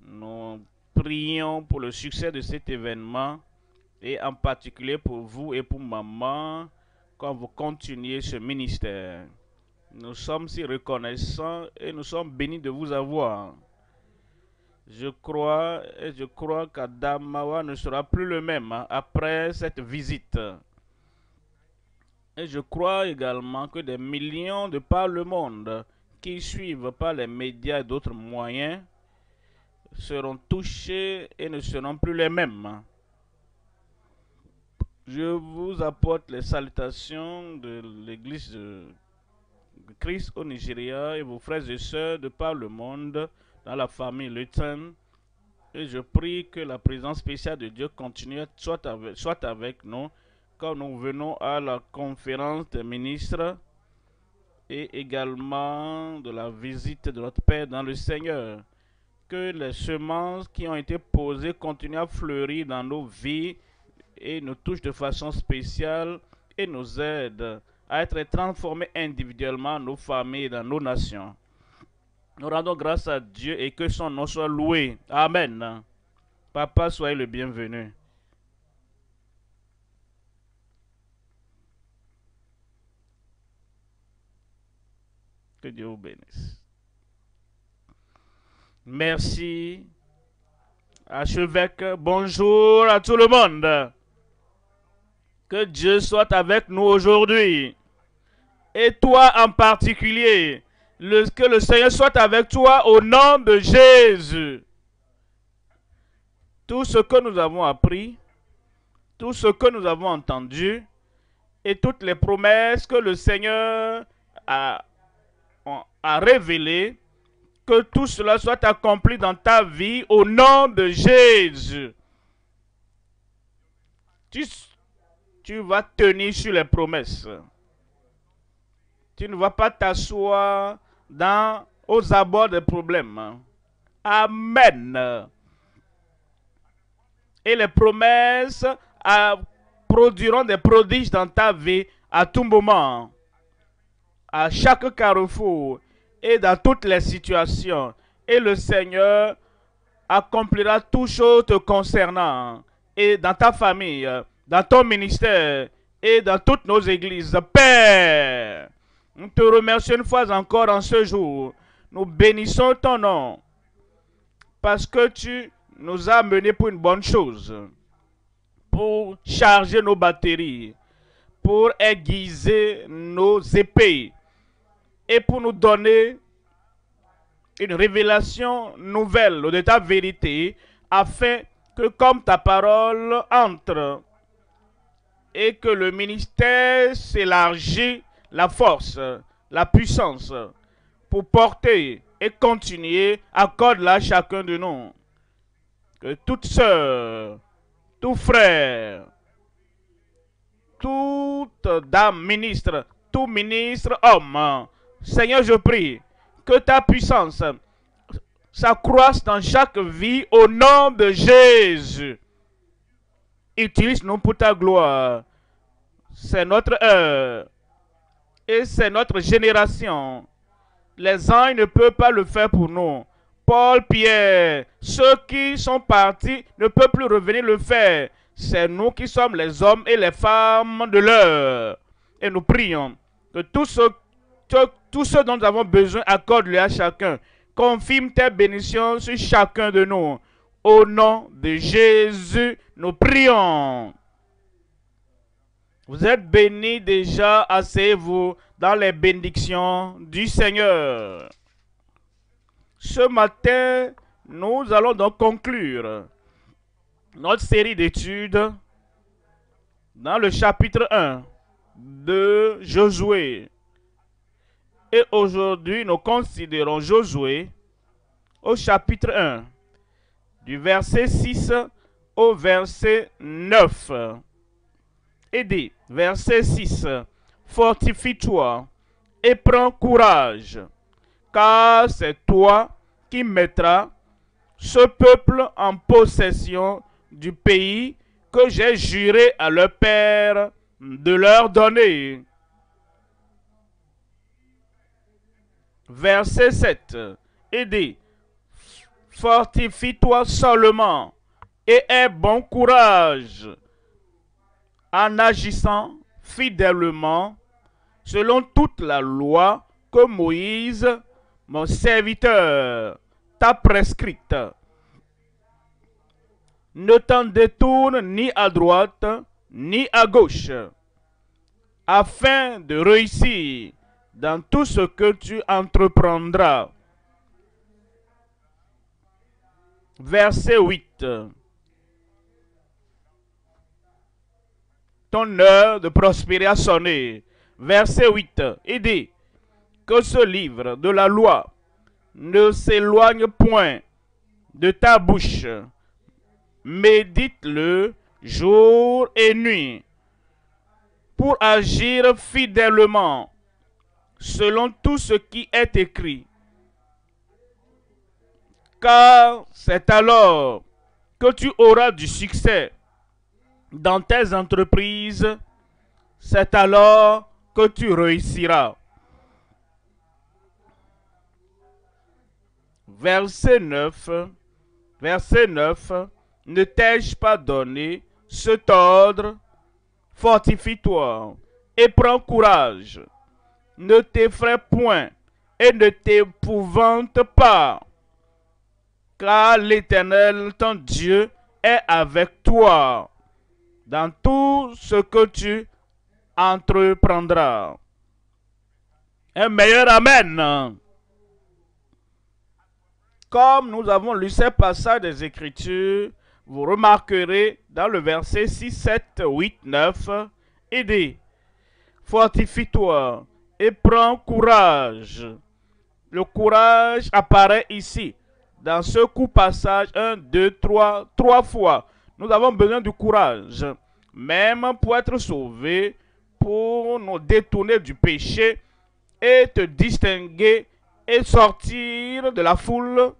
Nous prions pour le succès de cet événement et en particulier pour vous et pour maman quand vous continuez ce ministère. Nous sommes si reconnaissants et nous sommes bénis de vous avoir. Je crois et je crois qu'Adamawa ne sera plus le même après cette visite. Et je crois également que des millions de par le monde qui suivent par les médias et d'autres moyens seront touchés et ne seront plus les mêmes. Je vous apporte les salutations de l'Église de Christ au Nigeria et vos frères et sœurs de par le monde dans la famille Luton. Et je prie que la présence spéciale de Dieu continue soit avec nous quand nous venons à la conférence des ministres et également de la visite de notre Père dans le Seigneur. Que les semences qui ont été posées continuent à fleurir dans nos vies et nous touchent de façon spéciale et nous aident à être transformés individuellement, nos familles, et dans nos nations. Nous rendons grâce à Dieu et que son nom soit loué. Amen. Papa, soyez le bienvenu. Dieu vous bénisse. Merci, archevêque. Bonjour à tout le monde. Que Dieu soit avec nous aujourd'hui. Et toi en particulier, que le Seigneur soit avec toi au nom de Jésus. Tout ce que nous avons appris, tout ce que nous avons entendu et toutes les promesses que le Seigneur a a révéler, que tout cela soit accompli dans ta vie au nom de Jésus. Tu, vas tenir sur les promesses. Tu ne vas pas t'asseoir dans aux abords des problèmes. Amen. Et les promesses ah, produiront des prodiges dans ta vie à tout moment, à chaque carrefour et dans toutes les situations. Et le Seigneur accomplira tout chose concernant hein, et dans ta famille, euh, dans ton ministère et dans toutes nos églises. Père, nous te remercions une fois encore en ce jour. Nous bénissons ton nom parce que tu nous as menés pour une bonne chose, pour charger nos batteries, pour aiguiser nos épées, et pour nous donner une révélation nouvelle de ta vérité, afin que comme ta parole entre et que le ministère s'élargit, la force, la puissance pour porter et continuer, accorde-la à chacun de nous. Que toute sœur, tout frère, toute dame ministre, tout ministre homme, Seigneur, je prie que ta puissance s'accroisse dans chaque vie au nom de Jésus. Utilise-nous pour ta gloire. C'est notre heure et c'est notre génération. Les anges ne peuvent pas le faire pour nous. Paul, Pierre, ceux qui sont partis ne peuvent plus revenir le faire. C'est nous qui sommes les hommes et les femmes de l'heure. Et nous prions que tous ceux tout ce dont nous avons besoin, accorde-le à chacun. Confirme tes bénédictions sur chacun de nous. Au nom de Jésus, nous prions. Vous êtes bénis déjà, asseyez-vous dans les bénédictions du Seigneur. Ce matin, nous allons donc conclure notre série d'études dans le chapitre 1 de Josué. Et aujourd'hui, nous considérons Josué au chapitre 1, du verset 6 au verset 9. Et dit, verset 6, Fortifie-toi et prends courage, car c'est toi qui mettras ce peuple en possession du pays que j'ai juré à leur père de leur donner. verset 7, et dit, fortifie-toi seulement et aie bon courage en agissant fidèlement selon toute la loi que Moïse, mon serviteur, t'a prescrite. Ne t'en détourne ni à droite ni à gauche, afin de réussir dans tout ce que tu entreprendras. Verset 8. Ton heure de prospérer a sonné. Verset 8. Il dit que ce livre de la loi ne s'éloigne point de ta bouche. Médite-le jour et nuit pour agir fidèlement selon tout ce qui est écrit. Car c'est alors que tu auras du succès dans tes entreprises, c'est alors que tu réussiras. Verset 9. Verset 9. Ne t'ai-je pas donné cet ordre Fortifie-toi et prends courage ne t'effraie point et ne t'épouvante pas, car l'Éternel, ton Dieu, est avec toi dans tout ce que tu entreprendras. Un meilleur Amen. Comme nous avons lu ce passage des Écritures, vous remarquerez dans le verset 6, 7, 8, 9, il dit, Fortifie-toi et prends courage. Le courage apparaît ici, dans ce coup passage, 1, 2, 3, trois fois. Nous avons besoin du courage, même pour être sauvés, pour nous détourner du péché et te distinguer et sortir de la foule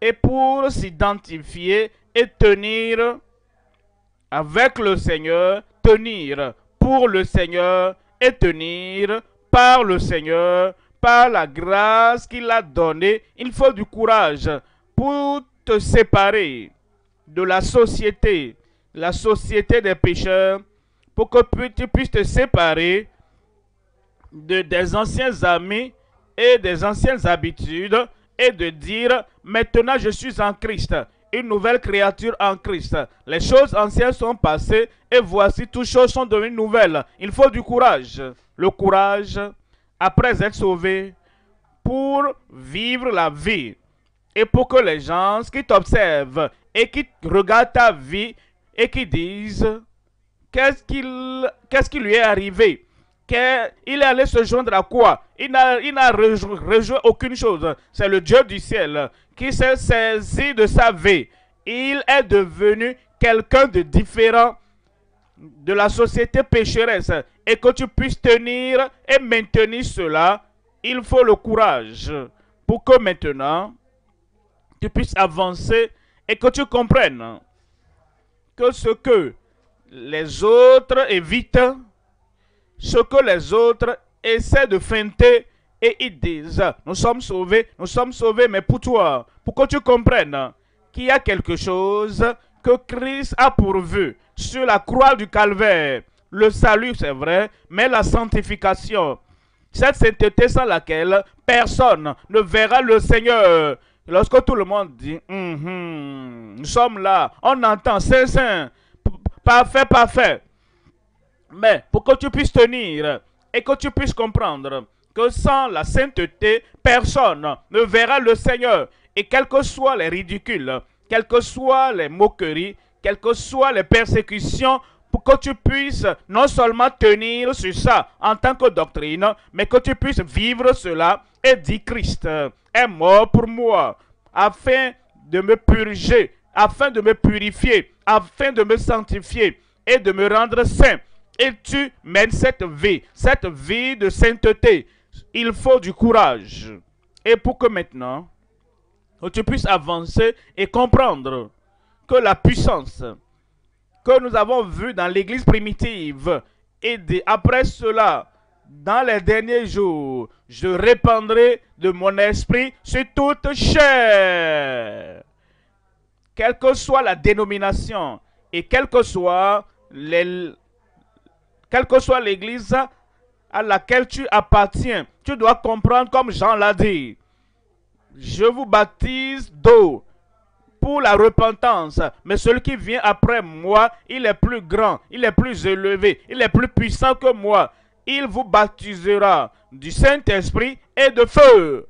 et pour s'identifier et tenir avec le Seigneur, tenir pour le Seigneur et tenir par le Seigneur, par la grâce qu'il a donnée. Il faut du courage pour te séparer de la société, la société des pécheurs, pour que tu puisses te séparer de, des anciens amis et des anciennes habitudes et de dire, maintenant je suis en Christ, une nouvelle créature en Christ. Les choses anciennes sont passées et voici toutes choses sont devenues nouvelles. Il faut du courage. Le courage, après être sauvé, pour vivre la vie et pour que les gens qui t'observent et qui regardent ta vie et qui disent qu'est-ce qu'il qu'est-ce qui lui est arrivé qu'il est allé se joindre à quoi Il n'a rejoint aucune chose. C'est le Dieu du ciel qui s'est saisi de sa vie. Il est devenu quelqu'un de différent de la société pécheresse. Et que tu puisses tenir et maintenir cela, il faut le courage pour que maintenant tu puisses avancer et que tu comprennes que ce que les autres évitent, ce que les autres essaient de feinter et ils disent, nous sommes sauvés, nous sommes sauvés, mais pour toi, pour que tu comprennes qu'il y a quelque chose que Christ a pourvu sur la croix du calvaire. Le salut, c'est vrai, mais la sanctification, cette sainteté sans laquelle personne ne verra le Seigneur. Lorsque tout le monde dit, hum, hum, nous sommes là, on entend, saint, saint, parfait, parfait. Mais pour que tu puisses tenir et que tu puisses comprendre que sans la sainteté, personne ne verra le Seigneur. Et quels que soient les ridicules, quelles que soient les moqueries, quelles que soient les persécutions, pour que tu puisses non seulement tenir sur ça en tant que doctrine, mais que tu puisses vivre cela et dit Christ est mort pour moi afin de me purger, afin de me purifier, afin de me sanctifier et de me rendre saint et tu mènes cette vie, cette vie de sainteté. Il faut du courage. Et pour que maintenant, tu puisses avancer et comprendre que la puissance que nous avons vue dans l'Église primitive et après cela, dans les derniers jours, je répandrai de mon esprit sur toute chair. Quelle que soit la dénomination et quelle que soit les, quelle que soit l'église à laquelle tu appartiens, tu dois comprendre comme Jean l'a dit. Je vous baptise d'eau pour la repentance, mais celui qui vient après moi, il est plus grand, il est plus élevé, il est plus puissant que moi. Il vous baptisera du Saint-Esprit et de feu.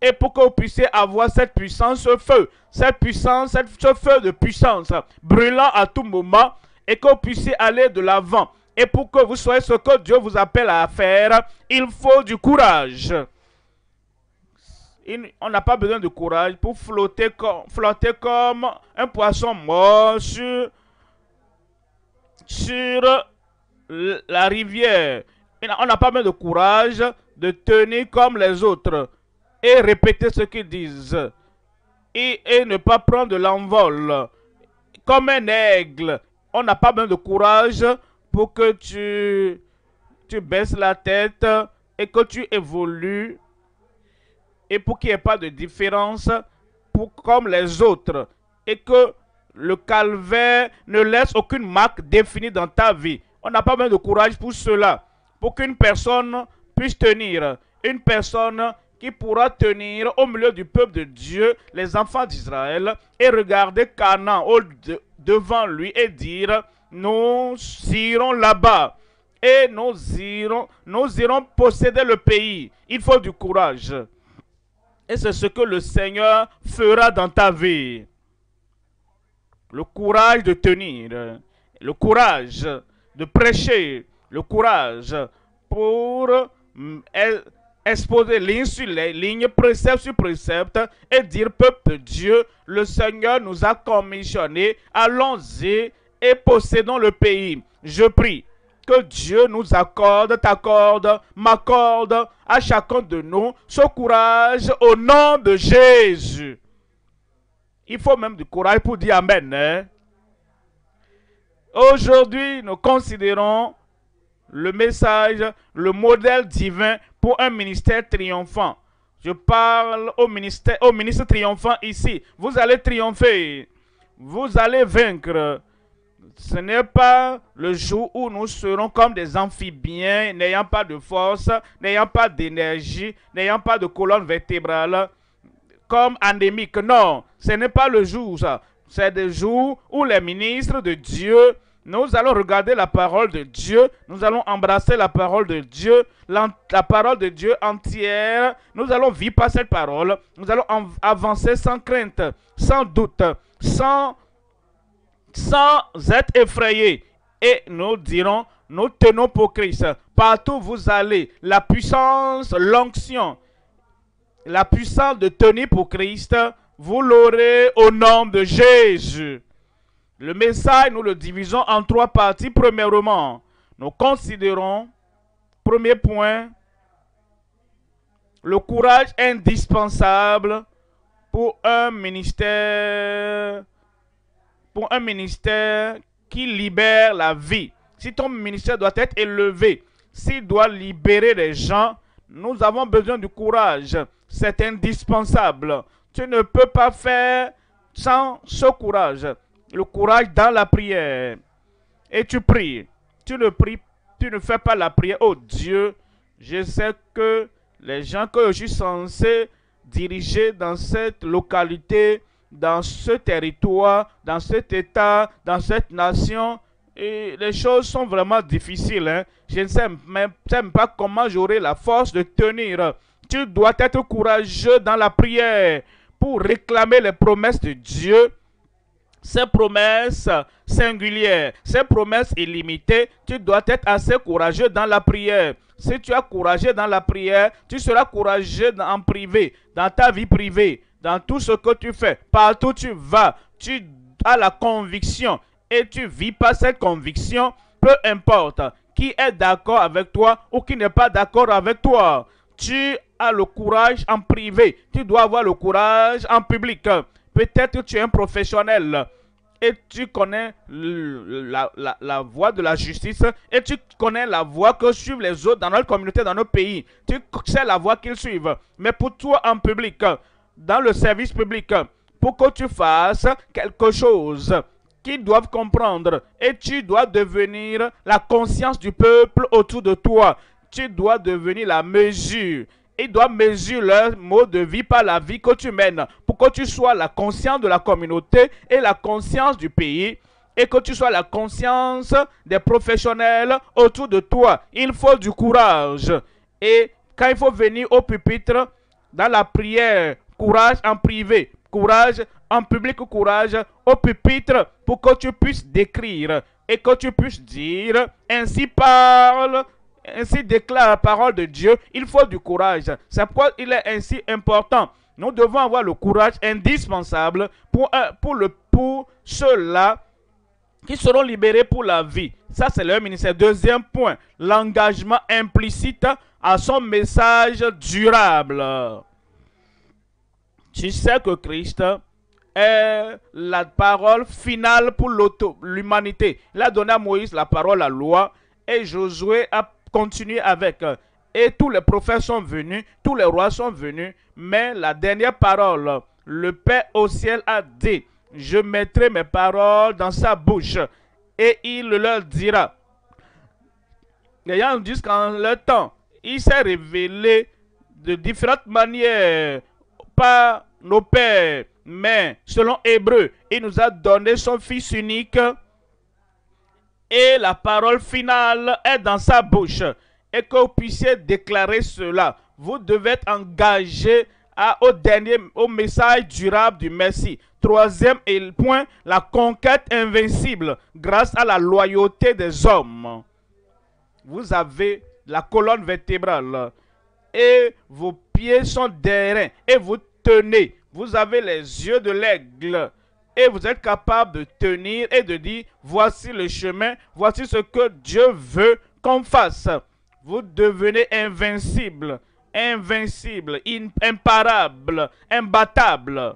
Et pour que vous puissiez avoir cette puissance, ce feu, cette puissance, ce feu de puissance, brûlant à tout moment, et que vous puissiez aller de l'avant et pour que vous soyez ce que Dieu vous appelle à faire, il faut du courage. on n'a pas besoin de courage pour flotter comme, un poisson mort sur, la rivière. On n'a pas besoin de courage de tenir comme les autres et répéter ce qu'ils disent. Et, et, ne pas prendre de l'envol. Comme un aigle, on n'a pas besoin de courage pour que tu, baisses la tête et que tu évolues et pour qu'il n'y ait pas de différence pour, comme les autres et que le calvaire ne laisse aucune marque définie dans ta vie. On n'a pas besoin de courage pour cela. Pour qu'une personne puisse tenir, une personne qui pourra tenir au milieu du peuple de Dieu, les enfants d'Israël, et regarder Canaan devant lui et dire, nous irons là-bas et nous irons, nous irons posséder le pays. Il faut du courage. Et c'est ce que le Seigneur fera dans ta vie. Le courage de tenir, le courage de prêcher, le courage pour mm, exposer ligne sur ligne, précepte sur précepte, et dire, peuple Dieu, le Seigneur nous a commissionné, allons-y et possédons le pays. Je prie que Dieu nous accorde, t'accorde, m'accorde à chacun de nous ce courage au nom de Jésus. Il faut même du courage pour dire Amen. Hein. Aujourd'hui, nous considérons le message, le modèle divin pour un ministère triomphant. Je parle au, ministère, au ministre triomphant ici. Vous allez triompher. Vous allez vaincre ce n'est pas le jour où nous serons comme des amphibiens, n'ayant pas de force, n'ayant pas d'énergie, n'ayant pas de colonne vertébrale, comme endémique. Non, ce n'est pas le jour, ça. C'est le jour où les ministres de Dieu, nous allons regarder la parole de Dieu, nous allons embrasser la parole de Dieu, la parole de Dieu entière. Nous allons vivre par cette parole, nous allons avancer sans crainte, sans doute, sans sans être effrayés. Et nous dirons, nous tenons pour Christ. Partout où vous allez, la puissance, l'onction, la puissance de tenir pour Christ, vous l'aurez au nom de Jésus. Le message, nous le divisons en trois parties. Premièrement, nous considérons, premier point, le courage indispensable pour un ministère pour un ministère qui libère la vie. Si ton ministère doit être élevé, s'il doit libérer les gens, nous avons besoin du courage. C'est indispensable. Tu ne peux pas faire sans ce courage. Le courage dans la prière. Et tu pries. Tu ne pries, tu ne fais pas la prière. Oh Dieu, je sais que les gens que je suis censé diriger dans cette localité dans ce territoire, dans cet État, dans cette nation, et les choses sont vraiment difficiles. Hein. Je ne sais même, sais même pas comment j'aurai la force de tenir. Tu dois être courageux dans la prière pour réclamer les promesses de Dieu. Ces promesses singulières, ces promesses illimitées, tu dois être assez courageux dans la prière. Si tu as courageux dans la prière, tu seras courageux en privé, dans ta vie privée dans tout ce que tu fais, partout où tu vas, tu as la conviction et tu vis par cette conviction, peu importe qui est d'accord avec toi ou qui n'est pas d'accord avec toi. Tu as le courage en privé, tu dois avoir le courage en public. Peut-être que tu es un professionnel et tu connais la, la, la, voie de la justice et tu connais la voie que suivent les autres dans notre communauté, dans notre pays. Tu sais la voie qu'ils suivent. Mais pour toi en public, dans le service public pour que tu fasses quelque chose qu'ils doivent comprendre. Et tu dois devenir la conscience du peuple autour de toi. Tu dois devenir la mesure. Ils doivent mesurer leur mode de vie par la vie que tu mènes pour que tu sois la conscience de la communauté et la conscience du pays et que tu sois la conscience des professionnels autour de toi. Il faut du courage. Et quand il faut venir au pupitre, dans la prière, courage en privé, courage en public, courage au pupitre pour que tu puisses décrire et que tu puisses dire, ainsi parle ainsi déclare la parole de Dieu, il faut du courage. C'est pourquoi il est ainsi important. Nous devons avoir le courage indispensable pour, euh, pour, le, pour ceux-là qui seront libérés pour la vie. Ça, c'est le ministère. Deuxième point, l'engagement implicite à son message durable tu sais que Christ est la parole finale pour l'humanité. Il a donné à Moïse la parole, la loi, et Josué a continué avec. Et tous les prophètes sont venus, tous les rois sont venus, mais la dernière parole, le Père au ciel a dit, je mettrai mes paroles dans sa bouche, et il leur dira. Ayant jusqu'en le temps, il s'est révélé de différentes manières, par nos pères, mais selon Hébreu, il nous a donné son Fils unique et la parole finale est dans sa bouche. Et que vous puissiez déclarer cela, vous devez être engagé à, au dernier, au message durable du merci. Troisième point, la conquête invincible grâce à la loyauté des hommes. Vous avez la colonne vertébrale et vos pieds sont derrière et vous tenez, vous avez les yeux de l'aigle et vous êtes capable de tenir et de dire, voici le chemin, voici ce que Dieu veut qu'on fasse. Vous devenez invincible, invincible, imparable, imbattable,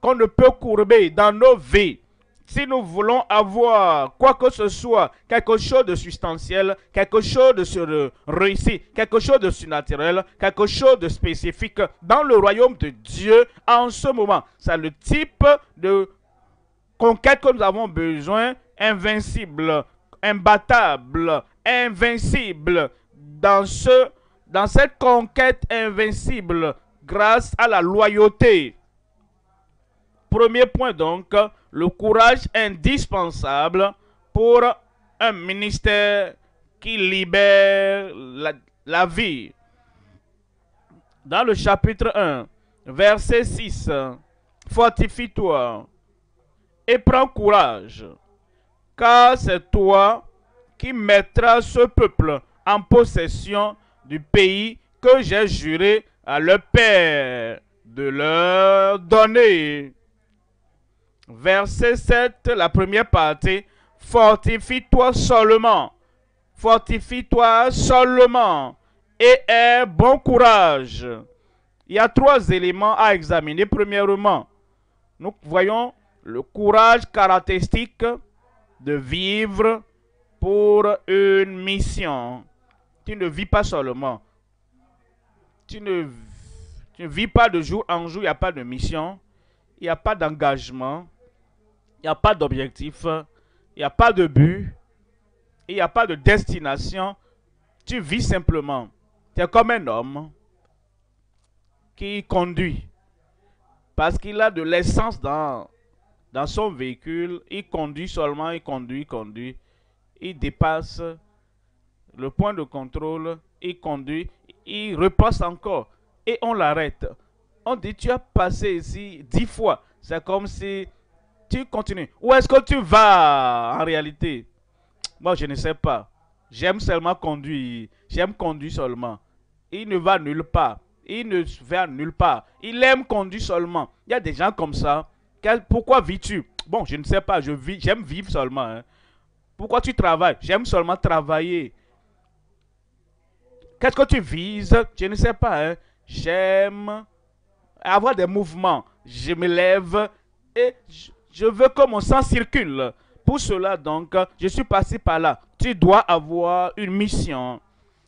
qu'on ne peut courber dans nos vies. Si nous voulons avoir quoi que ce soit, quelque chose de substantiel, quelque chose de euh, réussi, quelque chose de surnaturel, quelque chose de spécifique dans le royaume de Dieu en ce moment, c'est le type de conquête que nous avons besoin, invincible, imbattable, invincible, dans, ce, dans cette conquête invincible, grâce à la loyauté Premier point donc, le courage indispensable pour un ministère qui libère la, vie. Dans le chapitre 1, verset 6, fortifie-toi et prends courage, car c'est toi qui mettras ce peuple en possession du pays que j'ai juré à leur père de leur donner verset 7, la première partie, fortifie-toi seulement, fortifie-toi seulement et aie bon courage. Il y a trois éléments à examiner. Premièrement, nous voyons le courage caractéristique de vivre pour une mission. Tu ne vis pas seulement. Tu ne, tu ne vis pas de jour en jour, il n'y a pas de mission, il n'y a pas d'engagement, il n'y a pas d'objectif, il n'y a pas de but, il n'y a pas de destination. Tu vis simplement. Tu es comme un homme qui conduit. Parce qu'il a de l'essence dans, dans son véhicule. Il conduit seulement, il conduit, il conduit. Il dépasse le point de contrôle, il conduit, il repasse encore et on l'arrête. On dit, tu as passé ici dix fois. C'est comme si tu continues. Où est-ce que tu vas en réalité Moi, je ne sais pas. J'aime seulement conduire. J'aime conduire seulement. Il ne va nulle part. Il ne va nulle part. Il aime conduire seulement. Il y a des gens comme ça. Pourquoi vis-tu Bon, je ne sais pas. Je vis. J'aime vivre seulement. Hein. Pourquoi tu travailles J'aime seulement travailler. Qu'est-ce que tu vises Je ne sais pas. Hein. J'aime avoir des mouvements. Je me lève et je veux que mon sang circule. Pour cela, donc, je suis passé par là. Tu dois avoir une mission.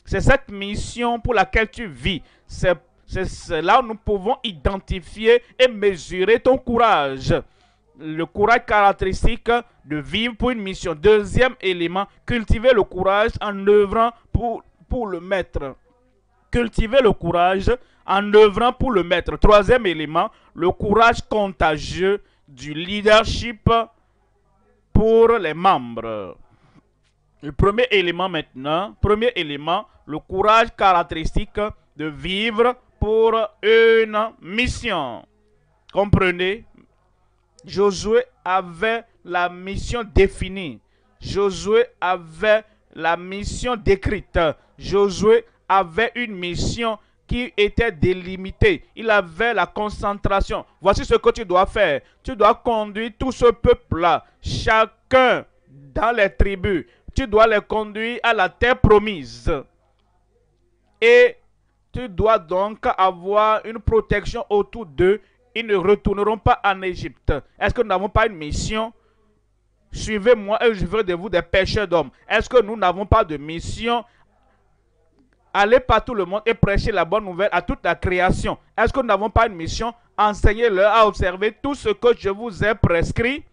C'est cette mission pour laquelle tu vis. C'est là où nous pouvons identifier et mesurer ton courage. Le courage caractéristique de vivre pour une mission. Deuxième élément, cultiver le courage en œuvrant pour, pour le maître. Cultiver le courage en œuvrant pour le maître. Troisième élément, le courage contagieux du leadership pour les membres. Le premier élément maintenant, premier élément, le courage caractéristique de vivre pour une mission. Comprenez, Josué avait la mission définie. Josué avait la mission décrite. Josué avait une mission était délimité. Il avait la concentration. Voici ce que tu dois faire. Tu dois conduire tout ce peuple-là, chacun dans les tribus. Tu dois les conduire à la terre promise. Et tu dois donc avoir une protection autour d'eux. Ils ne retourneront pas en Égypte. Est-ce que nous n'avons pas une mission Suivez-moi et je veux de vous des pêcheurs d'hommes. Est-ce que nous n'avons pas de mission Allez par tout le monde et prêchez la bonne nouvelle à toute la création. Est-ce que nous n'avons pas une mission Enseignez-leur à observer tout ce que je vous ai prescrit.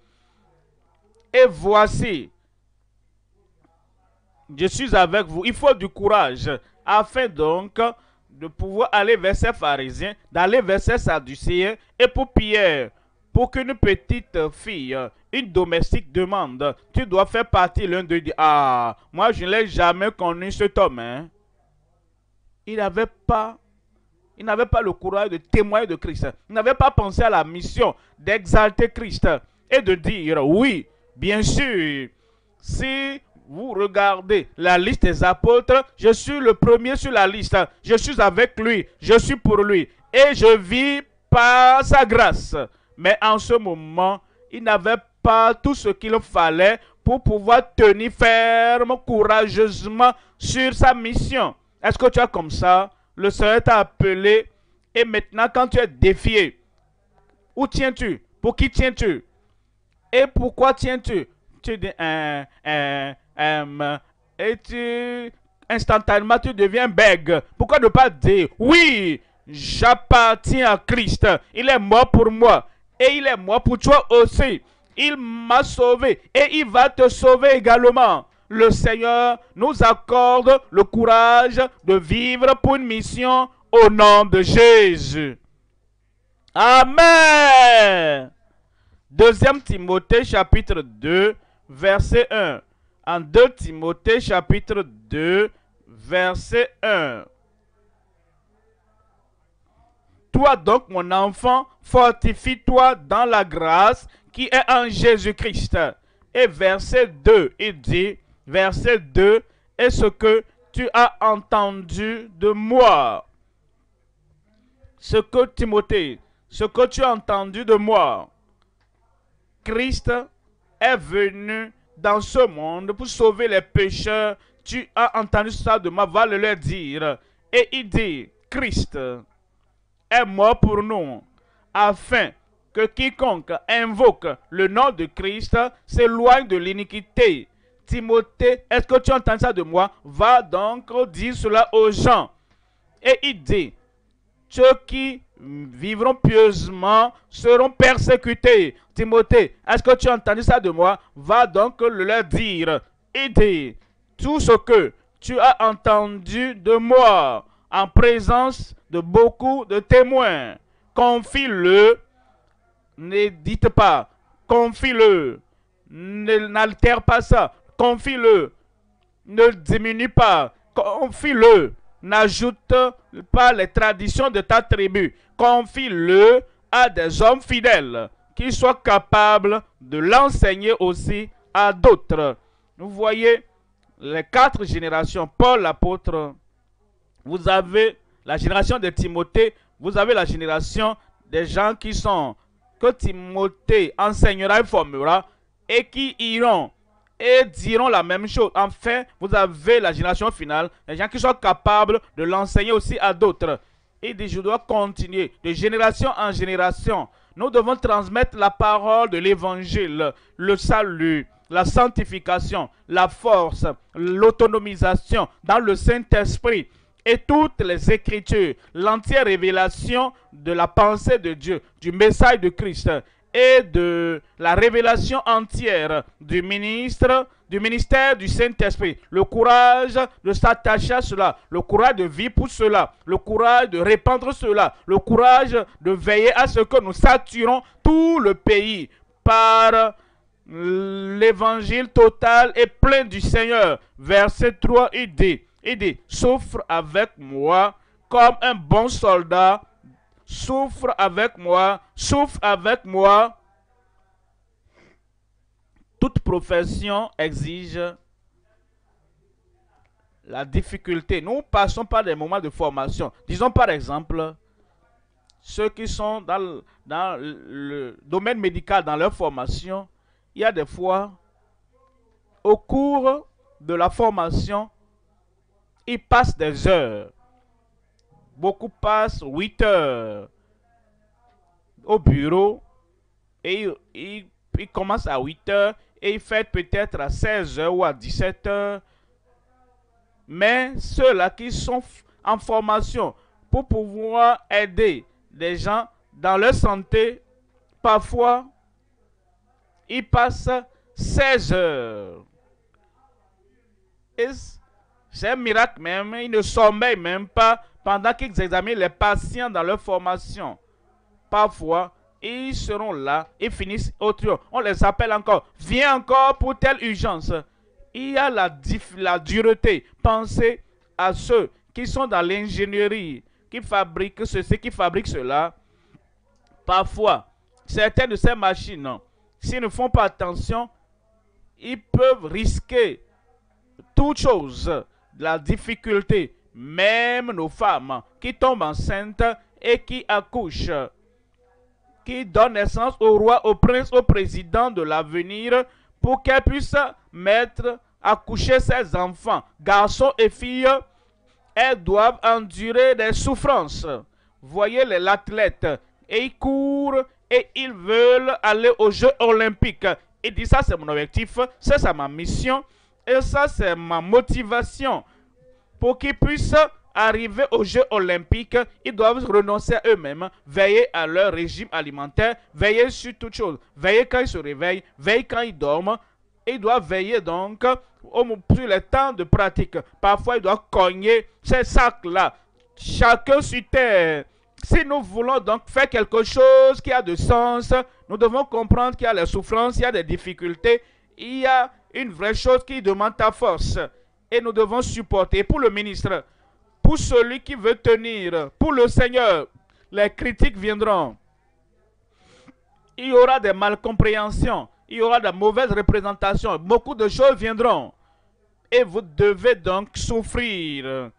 Et voici, je suis avec vous. Il faut du courage afin donc de pouvoir aller vers ces pharisiens, d'aller vers ces sadducéens. Et pour Pierre, pour qu'une petite fille, une domestique demande, tu dois faire partie l'un de Ah, moi je n'ai jamais connu cet homme. Hein il n'avait pas, il n'avait pas le courage de témoigner de Christ. Il n'avait pas pensé à la mission d'exalter Christ et de dire, oui, bien sûr, si vous regardez la liste des apôtres, je suis le premier sur la liste. Je suis avec lui, je suis pour lui et je vis par sa grâce. Mais en ce moment, il n'avait pas tout ce qu'il fallait pour pouvoir tenir ferme courageusement sur sa mission. Est-ce que tu as comme ça Le Seigneur t'a appelé et maintenant quand tu es défié, où tiens-tu Pour qui tiens-tu Et pourquoi tiens-tu Tu dis, euh, euh, euh, et tu instantanément tu deviens bègue. Pourquoi ne pas dire oui, j'appartiens à Christ. Il est mort pour moi et il est mort pour toi aussi. Il m'a sauvé et il va te sauver également le Seigneur nous accorde le courage de vivre pour une mission au nom de Jésus. Amen. Deuxième Timothée chapitre 2, verset 1. En 2 Timothée chapitre 2, verset 1. Toi donc, mon enfant, fortifie-toi dans la grâce qui est en Jésus-Christ. Et verset 2, il dit, verset 2, est ce que tu as entendu de moi. Ce que Timothée, ce que tu as entendu de moi, Christ est venu dans ce monde pour sauver les pécheurs. Tu as entendu ça de moi, va le leur dire. Et il dit, Christ est mort pour nous, afin que quiconque invoque le nom de Christ s'éloigne de l'iniquité. Timothée, est-ce que tu entends ça de moi Va donc dire cela aux gens. Et il dit, ceux qui vivront pieusement seront persécutés. Timothée, est-ce que tu as entendu ça de moi Va donc le leur dire. et dit, tout ce que tu as entendu de moi en présence de beaucoup de témoins, confie-le, ne dites pas, confie-le, n'altère pas ça, confie-le. Ne diminue pas, confie-le. N'ajoute pas les traditions de ta tribu. Confie-le à des hommes fidèles qui soient capables de l'enseigner aussi à d'autres. Vous voyez, les quatre générations, Paul l'apôtre, vous avez la génération de Timothée, vous avez la génération des gens qui sont, que Timothée enseignera et formera, et qui iront et diront la même chose. Enfin, vous avez la génération finale, les gens qui sont capables de l'enseigner aussi à d'autres. Et dit, je dois continuer de génération en génération. Nous devons transmettre la parole de l'évangile, le salut, la sanctification, la force, l'autonomisation dans le Saint-Esprit et toutes les Écritures, l'entière révélation de la pensée de Dieu, du message de Christ et de la révélation entière du ministre, du ministère du Saint-Esprit. Le courage de s'attacher à cela, le courage de vivre pour cela, le courage de répandre cela, le courage de veiller à ce que nous saturons tout le pays par l'évangile total et plein du Seigneur. Verset 3, il dit, il dit, souffre avec moi comme un bon soldat souffre avec moi, souffre avec moi. Toute profession exige la difficulté. Nous passons par des moments de formation. Disons par exemple, ceux qui sont dans, dans le domaine médical, dans leur formation, il y a des fois, au cours de la formation, ils passent des heures Beaucoup passent 8 heures au bureau et ils, commencent à 8 heures et ils fêtent peut-être à 16 heures ou à 17 heures. Mais ceux-là qui sont en formation pour pouvoir aider les gens dans leur santé, parfois, ils passent 16 heures. c'est un miracle même, ils ne sommeillent même pas pendant qu'ils examinent les patients dans leur formation. Parfois, ils seront là et finissent au tuyau. On les appelle encore. Viens encore pour telle urgence. Il y a la, la dureté. Pensez à ceux qui sont dans l'ingénierie, qui fabriquent ceci, qui fabriquent cela. Parfois, certaines de ces machines, s'ils ne font pas attention, ils peuvent risquer toute chose, la difficulté, même nos femmes qui tombent enceintes et qui accouchent, qui donnent naissance au roi, au prince, au président de l'avenir, pour qu'elles puissent mettre accoucher ses enfants, garçons et filles, elles doivent endurer des souffrances. Voyez les athlètes, et ils courent et ils veulent aller aux Jeux olympiques. Il dit « ça c'est mon objectif, ça c'est ma mission et ça c'est ma motivation pour qu'ils puissent arriver aux Jeux olympiques, ils doivent renoncer à eux-mêmes, veiller à leur régime alimentaire, veiller sur toutes choses, veiller quand ils se réveillent, veiller quand ils dorment. Ils doivent veiller donc sur les temps de pratique. Parfois, ils doivent cogner ces sacs-là, chacun sur terre. Si nous voulons donc faire quelque chose qui a de sens, nous devons comprendre qu'il y a les souffrances, il y a des difficultés, il y a une vraie chose qui demande ta force et nous devons supporter pour le ministre, pour celui qui veut tenir, pour le Seigneur. Les critiques viendront. Il y aura des malcompréhensions, il y aura de mauvaises représentations, beaucoup de choses viendront. Et vous devez donc souffrir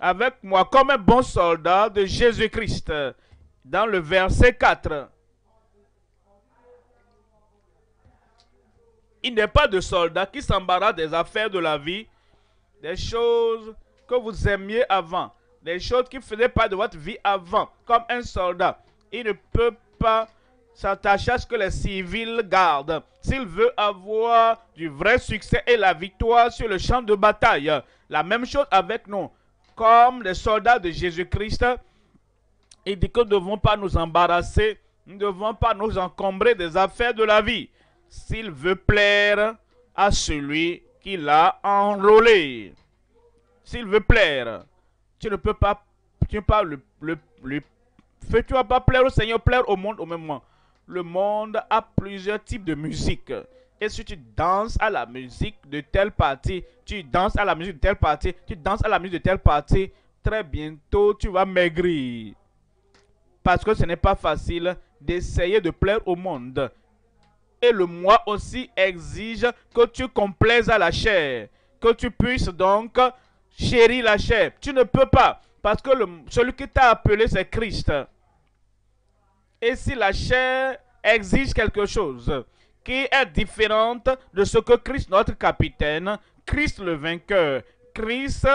avec moi comme un bon soldat de Jésus-Christ. Dans le verset 4. Il n'est pas de soldat qui s'embarrasse des affaires de la vie des choses que vous aimiez avant, des choses qui faisaient pas de votre vie avant, comme un soldat. Il ne peut pas s'attacher à ce que les civils gardent. S'il veut avoir du vrai succès et la victoire sur le champ de bataille, la même chose avec nous. Comme les soldats de Jésus-Christ, il dit que nous ne devons pas nous embarrasser, nous ne devons pas nous encombrer des affaires de la vie. S'il veut plaire à celui l'a enrôlé. S'il veut plaire, tu ne peux pas, tu pas le, le, le tu vas pas plaire au Seigneur, plaire au monde au même moment. Le monde a plusieurs types de musique. Et si tu danses à la musique de telle partie, tu danses à la musique de telle partie, tu danses à la musique de telle partie, très bientôt tu vas maigrir. Parce que ce n'est pas facile d'essayer de plaire au monde le moi aussi exige que tu complaises à la chair, que tu puisses donc chérir la chair. Tu ne peux pas, parce que le, celui qui t'a appelé, c'est Christ. Et si la chair exige quelque chose qui est différente de ce que Christ, notre capitaine, Christ le vainqueur, Christ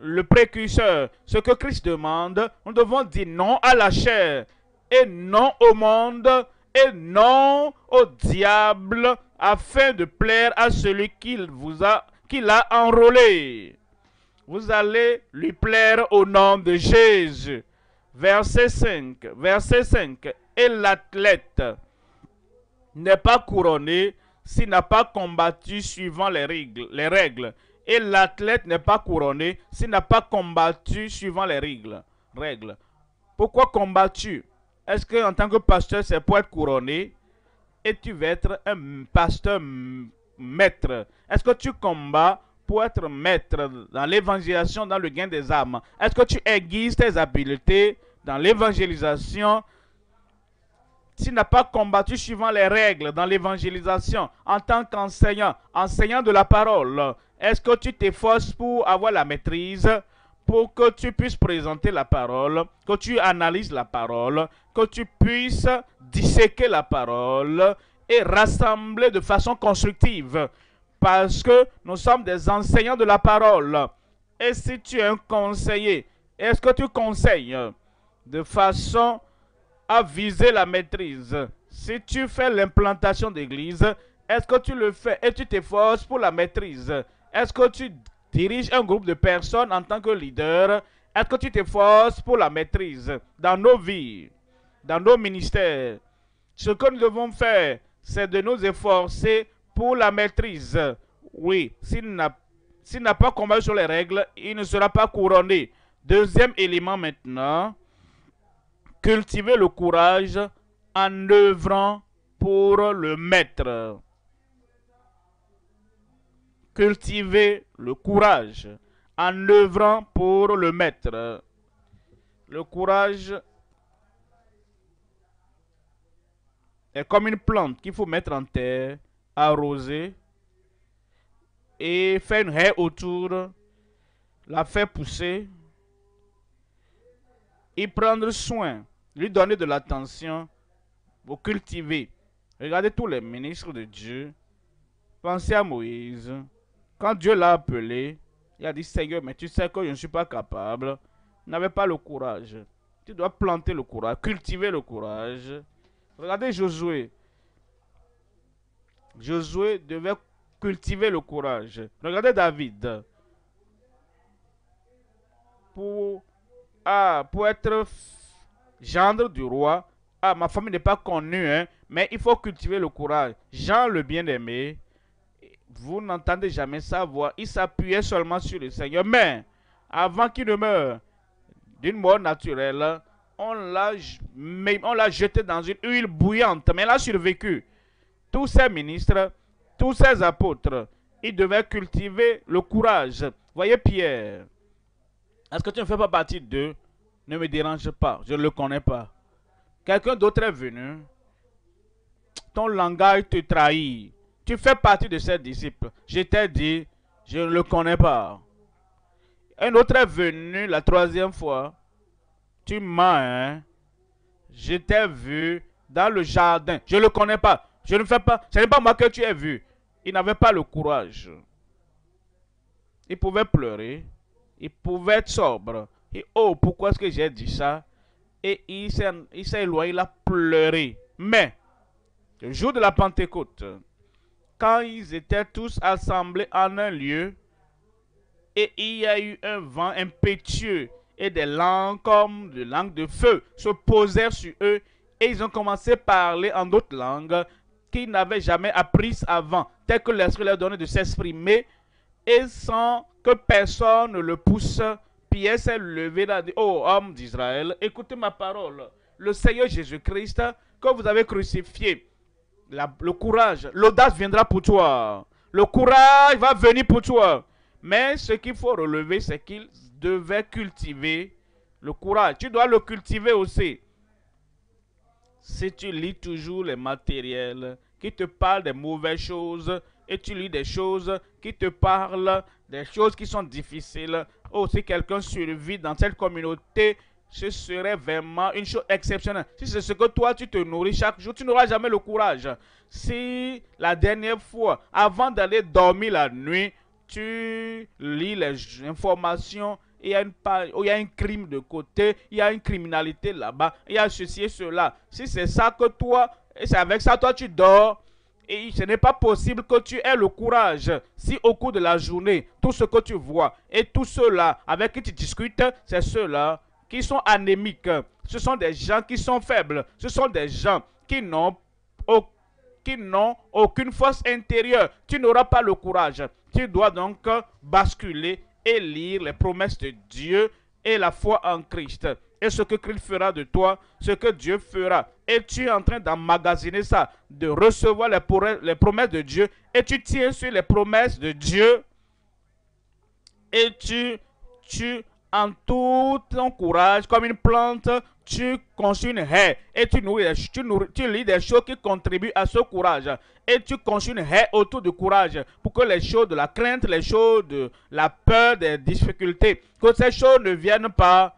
le précurseur, ce que Christ demande, nous devons dire non à la chair et non au monde et non au diable afin de plaire à celui qu'il vous a, qui l'a enrôlé. Vous allez lui plaire au nom de Jésus. Verset 5. Verset 5. Et l'athlète n'est pas couronné s'il n'a pas combattu suivant les règles. Les règles. Et l'athlète n'est pas couronné s'il n'a pas combattu suivant les règles. règles. Pourquoi combattu est-ce en tant que pasteur, c'est pour être couronné et tu veux être un pasteur maître Est-ce que tu combats pour être maître dans l'évangélisation, dans le gain des âmes Est-ce que tu aiguises tes habiletés dans l'évangélisation tu n'as pas combattu suivant les règles dans l'évangélisation en tant qu'enseignant, enseignant de la parole, est-ce que tu t'efforces pour avoir la maîtrise pour que tu puisses présenter la parole, que tu analyses la parole, que tu puisses disséquer la parole et rassembler de façon constructive. Parce que nous sommes des enseignants de la parole. Et si tu es un conseiller, est-ce que tu conseilles de façon à viser la maîtrise Si tu fais l'implantation d'église, est-ce que tu le fais et tu t'efforces pour la maîtrise Est-ce que tu dirige un groupe de personnes en tant que leader, est-ce que tu t'efforces pour la maîtrise dans nos vies, dans nos ministères Ce que nous devons faire, c'est de nous efforcer pour la maîtrise. Oui, s'il n'a, pas combattu sur les règles, il ne sera pas couronné. Deuxième élément maintenant, cultiver le courage en œuvrant pour le maître cultiver le courage en œuvrant pour le maître. Le courage est comme une plante qu'il faut mettre en terre, arroser et faire une haie autour, la faire pousser et prendre soin, lui donner de l'attention pour cultiver. Regardez tous les ministres de Dieu. Pensez à Moïse, quand Dieu l'a appelé, il a dit Seigneur, mais tu sais que je ne suis pas capable. Il n'avait pas le courage. Tu dois planter le courage, cultiver le courage. Regardez Josué. Josué devait cultiver le courage. Regardez David. Pour, ah, pour être gendre du roi, ah, ma famille n'est pas connue, hein, mais il faut cultiver le courage. Jean le bien-aimé, vous n'entendez jamais sa voix. Il s'appuyait seulement sur le Seigneur. Mais avant qu'il ne meure d'une mort naturelle, on l'a jeté dans une huile bouillante. Mais il a survécu. Tous ses ministres, tous ses apôtres, ils devaient cultiver le courage. Voyez Pierre, est-ce que tu ne fais pas partie d'eux Ne me dérange pas, je ne le connais pas. Quelqu'un d'autre est venu. Ton langage te trahit tu fais partie de ses disciples. j'étais dit, je ne le connais pas. Un autre est venu la troisième fois. Tu m'as, hein? Je t'ai vu dans le jardin. Je ne le connais pas. Je ne fais pas. Ce n'est pas moi que tu as vu. Il n'avait pas le courage. Il pouvait pleurer. Il pouvait être sobre. Et oh, pourquoi est-ce que j'ai dit ça? Et il s'est éloigné, il a pleuré. Mais, le jour de la Pentecôte, quand ils étaient tous assemblés en un lieu, et il y a eu un vent impétueux et des langues comme des langues de feu se posèrent sur eux et ils ont commencé à parler en d'autres langues qu'ils n'avaient jamais apprises avant, tel que l'Esprit leur donnait de s'exprimer et sans que personne ne le pousse. Pierre s'est levé et a dit, oh homme d'Israël, écoutez ma parole. Le Seigneur Jésus-Christ que vous avez crucifié, le courage, l'audace viendra pour toi. Le courage va venir pour toi. Mais ce qu'il faut relever, c'est qu'il devait cultiver le courage. Tu dois le cultiver aussi. Si tu lis toujours les matériels qui te parlent des mauvaises choses et tu lis des choses qui te parlent des choses qui sont difficiles, oh, si quelqu'un survit dans cette communauté, ce serait vraiment une chose exceptionnelle. Si c'est ce que toi, tu te nourris chaque jour, tu n'auras jamais le courage. Si la dernière fois, avant d'aller dormir la nuit, tu lis les informations, il y a, oh, il y a un crime de côté, il y a une criminalité là-bas, il y a ceci et cela. Si c'est ça que toi, et c'est avec ça, toi, tu dors. Et ce n'est pas possible que tu aies le courage, si au cours de la journée, tout ce que tu vois et tout cela avec qui tu discutes, c'est cela qui sont anémiques, ce sont des gens qui sont faibles, ce sont des gens qui n'ont qui n'ont aucune force intérieure. Tu n'auras pas le courage. Tu dois donc basculer et lire les promesses de Dieu et la foi en Christ. Et ce que Christ fera de toi, ce que Dieu fera. Et tu es en train d'emmagasiner ça, de recevoir les, promesses de Dieu. Et tu tiens sur les promesses de Dieu. Et tu, tu en tout ton courage, comme une plante, tu construis une haie et tu, nourris, tu, lis des choses qui contribuent à ce courage. Et tu construis une haie autour du courage pour que les choses de la crainte, les choses de la peur, des difficultés, que ces choses ne viennent pas.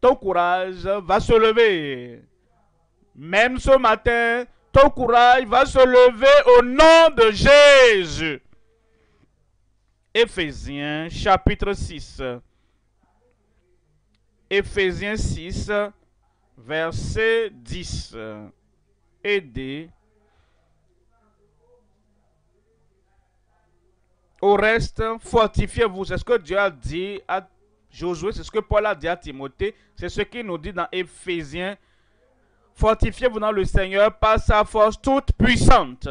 Ton courage va se lever. Même ce matin, ton courage va se lever au nom de Jésus. Éphésiens chapitre 6. Ephésiens 6, verset 10. Aidez. Au reste, fortifiez-vous. C'est ce que Dieu a dit à Josué, c'est ce que Paul a dit à Timothée, c'est ce qu'il nous dit dans Ephésiens. Fortifiez-vous dans le Seigneur par sa force toute puissante.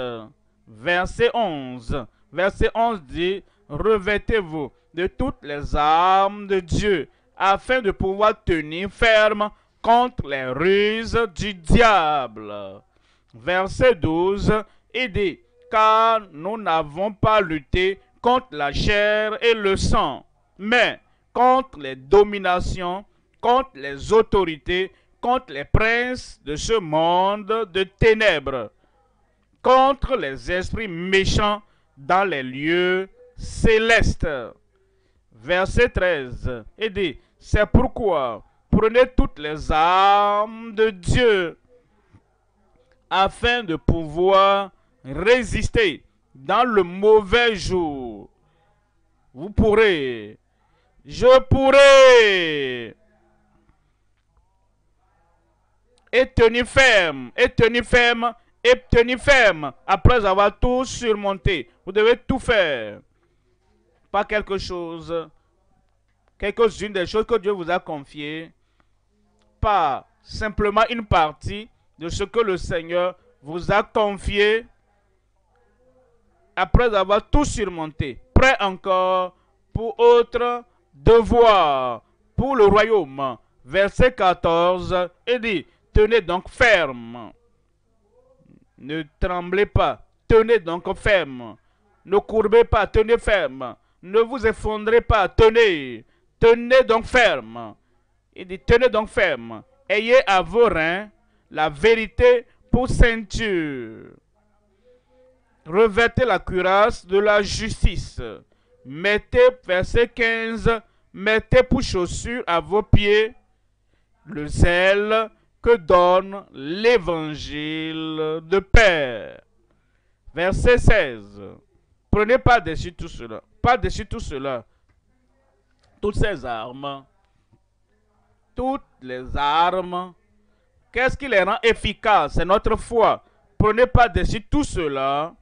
Verset 11. Verset 11 dit, revêtez-vous de toutes les armes de Dieu afin de pouvoir tenir ferme contre les ruses du diable. Verset 12, et car nous n'avons pas lutté contre la chair et le sang, mais contre les dominations, contre les autorités, contre les princes de ce monde de ténèbres, contre les esprits méchants dans les lieux célestes. Verset 13, et c'est pourquoi prenez toutes les armes de Dieu afin de pouvoir résister dans le mauvais jour. Vous pourrez, je pourrai, et tenir ferme, et tenir ferme, et tenir ferme, après avoir tout surmonté. Vous devez tout faire. Pas quelque chose quelques-unes des choses que Dieu vous a confiées pas simplement une partie de ce que le Seigneur vous a confié après avoir tout surmonté, prêt encore pour autre devoir pour le royaume. Verset 14, il dit, tenez donc ferme, ne tremblez pas, tenez donc ferme, ne courbez pas, tenez ferme, ne vous effondrez pas, tenez, Tenez donc ferme. Il dit, tenez donc ferme. Ayez à vos reins la vérité pour ceinture. Revêtez la cuirasse de la justice. Mettez, verset 15, mettez pour chaussures à vos pieds le zèle que donne l'évangile de Père. Verset 16. Prenez pas dessus tout cela, pas dessus tout cela, toutes ces armes, toutes les armes, qu'est-ce qui les rend efficaces C'est notre foi. Prenez pas dessus tout cela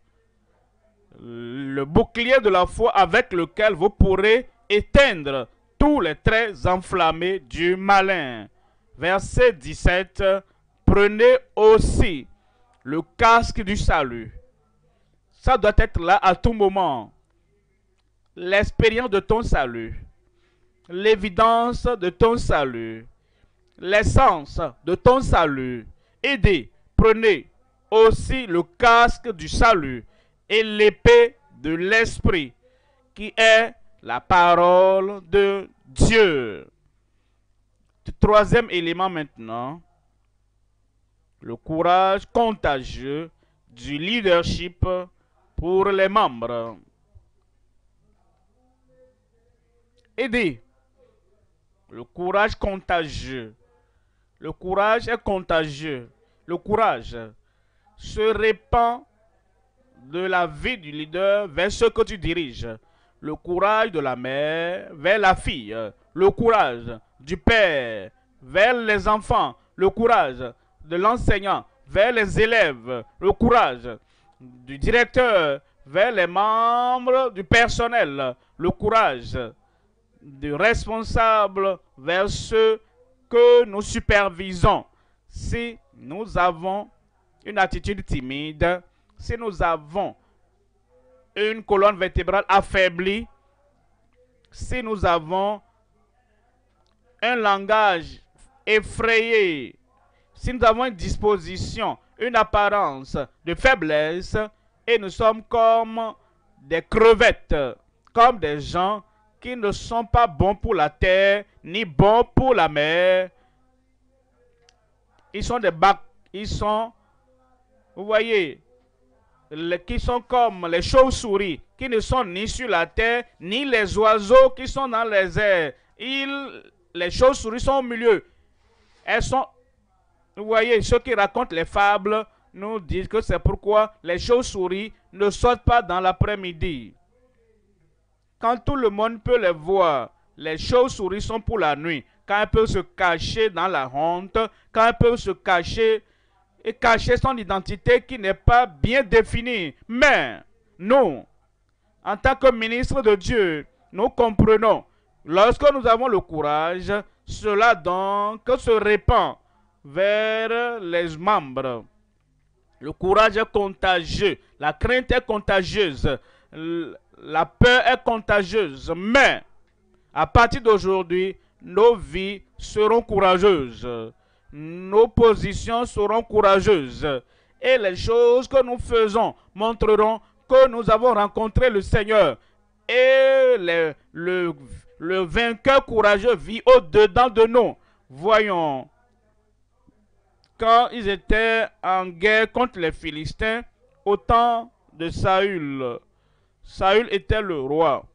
le bouclier de la foi avec lequel vous pourrez éteindre tous les traits enflammés du malin. Verset 17. Prenez aussi le casque du salut. Ça doit être là à tout moment. L'expérience de ton salut l'évidence de ton salut, l'essence de ton salut. Aidez, prenez aussi le casque du salut et l'épée de l'esprit, qui est la parole de Dieu. Troisième élément maintenant, le courage contagieux du leadership pour les membres. Aidez, le courage contagieux. Le courage est contagieux. Le courage se répand de la vie du leader vers ce que tu diriges. Le courage de la mère vers la fille. Le courage du père vers les enfants. Le courage de l'enseignant vers les élèves. Le courage du directeur vers les membres du personnel. Le courage du responsable vers ceux que nous supervisons. Si nous avons une attitude timide, si nous avons une colonne vertébrale affaiblie, si nous avons un langage effrayé, si nous avons une disposition, une apparence de faiblesse, et nous sommes comme des crevettes, comme des gens qui ne sont pas bons pour la terre, ni bons pour la mer. Ils sont des bacs, ils sont, vous voyez, les, qui sont comme les chauves-souris, qui ne sont ni sur la terre, ni les oiseaux qui sont dans les airs. Ils, les chauves-souris sont au milieu. Elles sont, vous voyez, ceux qui racontent les fables nous disent que c'est pourquoi les chauves-souris ne sortent pas dans l'après-midi. Quand tout le monde peut les voir, les chauves-souris sont pour la nuit. Quand elles peuvent se cacher dans la honte, quand elles peuvent se cacher et cacher son identité qui n'est pas bien définie. Mais nous, en tant que ministres de Dieu, nous comprenons. Lorsque nous avons le courage, cela donc se répand vers les membres. Le courage est contagieux, la crainte est contagieuse la peur est contagieuse, mais à partir d'aujourd'hui, nos vies seront courageuses, nos positions seront courageuses, et les choses que nous faisons montreront que nous avons rencontré le Seigneur. Et le, vainqueur courageux vit au-dedans de nous. Voyons, quand ils étaient en guerre contre les Philistins, au temps de Saül, Saül était le roi.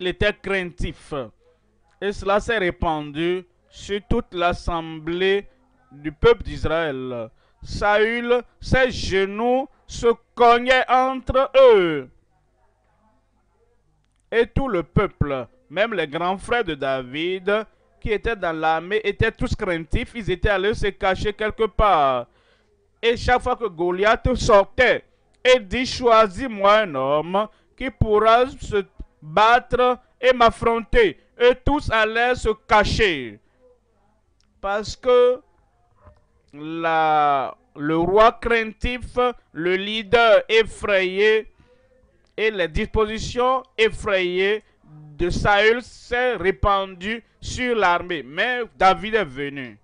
Il était craintif. Et cela s'est répandu sur toute l'assemblée du peuple d'Israël. Saül, ses genoux se cognaient entre eux. Et tout le peuple, même les grands frères de David, qui étaient dans l'armée, étaient tous craintifs. Ils étaient allés se cacher quelque part. Et chaque fois que Goliath sortait, et dit, choisis-moi un homme qui pourra se battre et m'affronter. Et tous allaient se cacher. Parce que le roi craintif, le leader effrayé et les dispositions effrayées de Saül s'est répandu sur l'armée. Mais David est venu.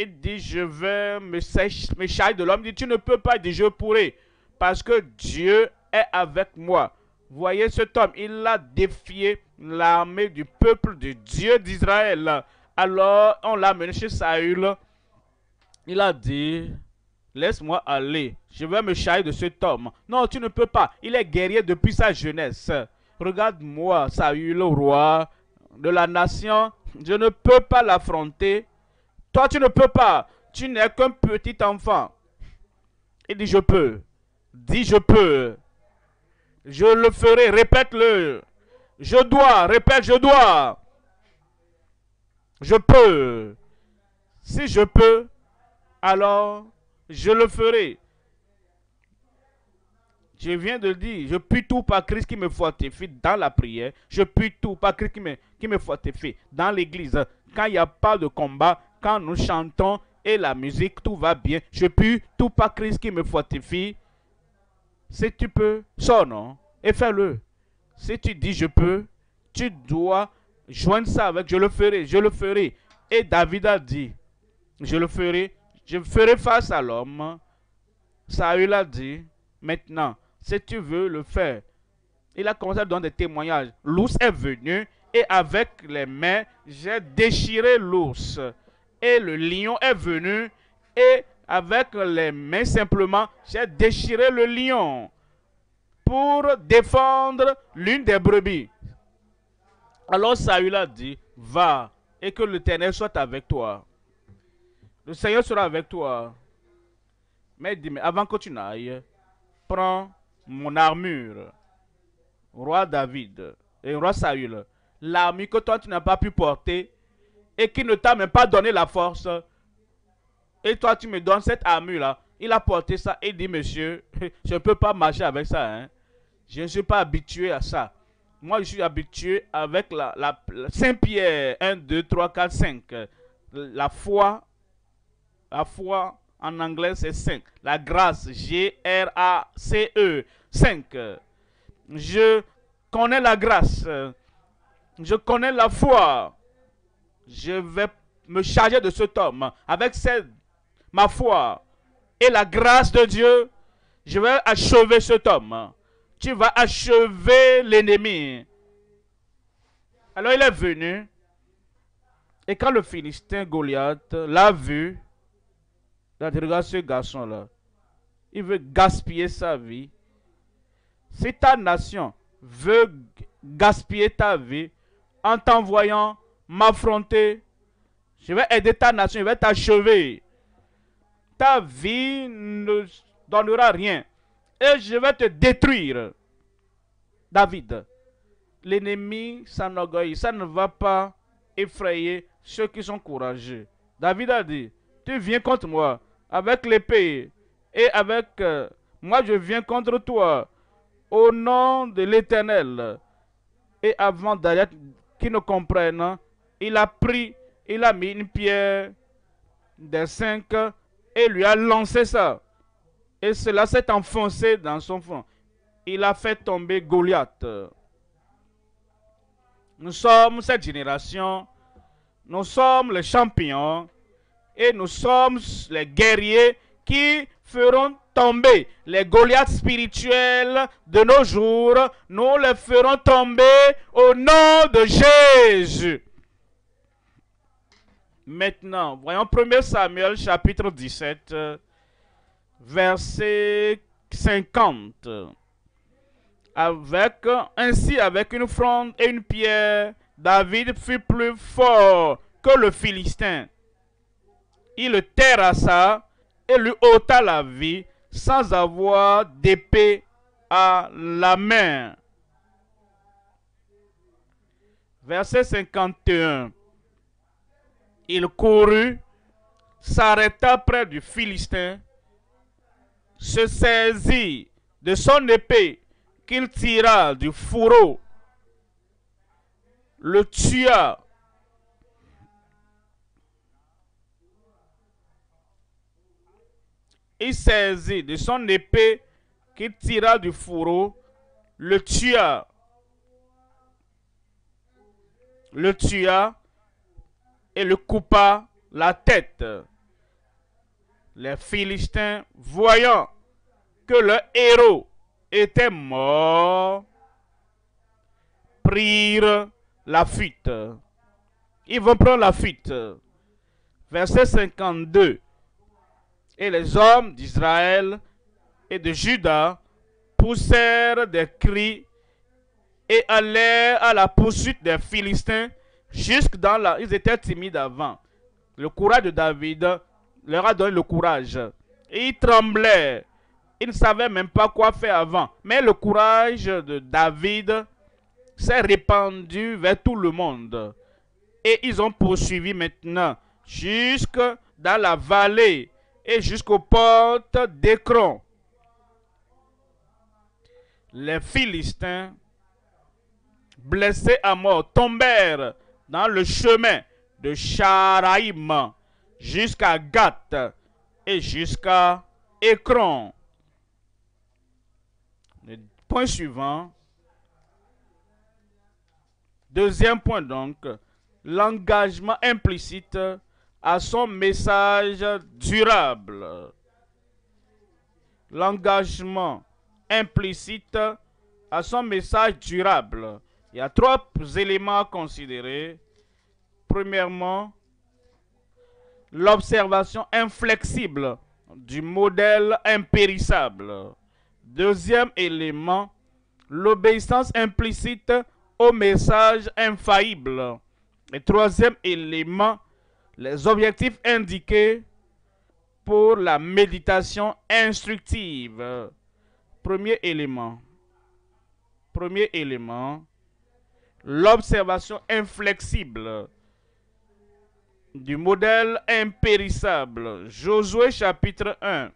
Il dit, je vais me chasser de l'homme. dit, tu ne peux pas. dit, je pourrai parce que Dieu est avec moi. Voyez cet homme, il a défié l'armée du peuple du Dieu d'Israël. Alors on l'a amené chez Saül. Il a dit, laisse-moi aller, je vais me charger de cet homme. Non, tu ne peux pas, il est guerrier depuis sa jeunesse. Regarde-moi, Saül, roi de la nation, je ne peux pas l'affronter. Toi, tu ne peux pas, tu n'es qu'un petit enfant. Il dit, je peux. Dis je peux. Je le ferai, répète-le. Je dois, répète, je dois. Je peux. Si je peux, alors je le ferai. Je viens de le dire, je puis tout par Christ qui me fortifie dans la prière. Je puis tout par Christ qui me, fortifie dans l'église. Quand il n'y a pas de combat, quand nous chantons et la musique, tout va bien. Je puis tout par Christ qui me fortifie si tu peux, sonne hein, et fais-le. Si tu dis je peux, tu dois joindre ça avec je le ferai, je le ferai. Et David a dit, je le ferai, je ferai face à l'homme. Saül a dit, maintenant, si tu veux le faire. Il a commencé à donner des témoignages. L'ours est venu et avec les mains, j'ai déchiré l'ours. Et le lion est venu et avec les mains simplement, j'ai déchiré le lion pour défendre l'une des brebis. Alors Saül a dit, va et que l'Éternel soit avec toi. Le Seigneur sera avec toi. Mais il dit, mais avant que tu n'ailles, prends mon armure, roi David et roi Saül, l'armure que toi tu n'as pas pu porter et qui ne t'a même pas donné la force et toi, tu me donnes cette armure-là. Il a porté ça et dit, monsieur, je ne peux pas marcher avec ça. Hein. Je ne suis pas habitué à ça. Moi, je suis habitué avec la, la Saint-Pierre 1, 2, 3, 4, 5. La foi, la foi en anglais, c'est 5. La grâce, G-R-A-C-E, 5. Je connais la grâce. Je connais la foi. Je vais me charger de cet homme avec cette ma foi et la grâce de Dieu, je vais achever cet homme. Tu vas achever l'ennemi. Alors il est venu. Et quand le Philistin Goliath l'a vu, il a dit, regarde ce garçon-là. Il veut gaspiller sa vie. Si ta nation veut gaspiller ta vie en t'envoyant m'affronter, je vais aider ta nation, je vais t'achever ta vie ne donnera rien. Et je vais te détruire. David, l'ennemi s'enorgueille. Ça ne va pas effrayer ceux qui sont courageux. David a dit, tu viens contre moi avec l'épée et avec... Euh, moi je viens contre toi au nom de l'Éternel. Et avant d'aller qui ne comprennent, il a pris, il a mis une pierre des cinq et lui a lancé ça. Et cela s'est enfoncé dans son front. Il a fait tomber Goliath. Nous sommes cette génération. Nous sommes les champions. Et nous sommes les guerriers qui feront tomber les Goliaths spirituels de nos jours. Nous les ferons tomber au nom de Jésus. Maintenant, voyons 1 Samuel chapitre 17, euh, verset 50. Avec, ainsi, avec une fronde et une pierre, David fut plus fort que le Philistin. Il le terrassa et lui ôta la vie sans avoir d'épée à la main. Verset 51 il courut, s'arrêta près du Philistin, se saisit de son épée qu'il tira du fourreau, le tua. Il saisit de son épée qu'il tira du fourreau, le tua. Le tua et le coupa la tête. Les Philistins, voyant que le héros était mort, prirent la fuite. Ils vont prendre la fuite. Verset 52. Et les hommes d'Israël et de Juda poussèrent des cris et allèrent à la poursuite des Philistins Jusque dans la... Ils étaient timides avant. Le courage de David leur a donné le courage. Ils tremblaient. Ils ne savaient même pas quoi faire avant. Mais le courage de David s'est répandu vers tout le monde. Et ils ont poursuivi maintenant jusque dans la vallée et jusqu'aux portes d'Écron. Les Philistins, blessés à mort, tombèrent dans le chemin de Charaïm jusqu'à Gath et jusqu'à Écron. Le point suivant. Deuxième point donc, l'engagement implicite à son message durable. L'engagement implicite à son message durable. Il y a trois éléments à considérer. Premièrement, l'observation inflexible du modèle impérissable. Deuxième élément, l'obéissance implicite au message infaillible. Et troisième élément, les objectifs indiqués pour la méditation instructive. Premier élément. Premier élément, l'observation inflexible du modèle impérissable. Josué chapitre 1,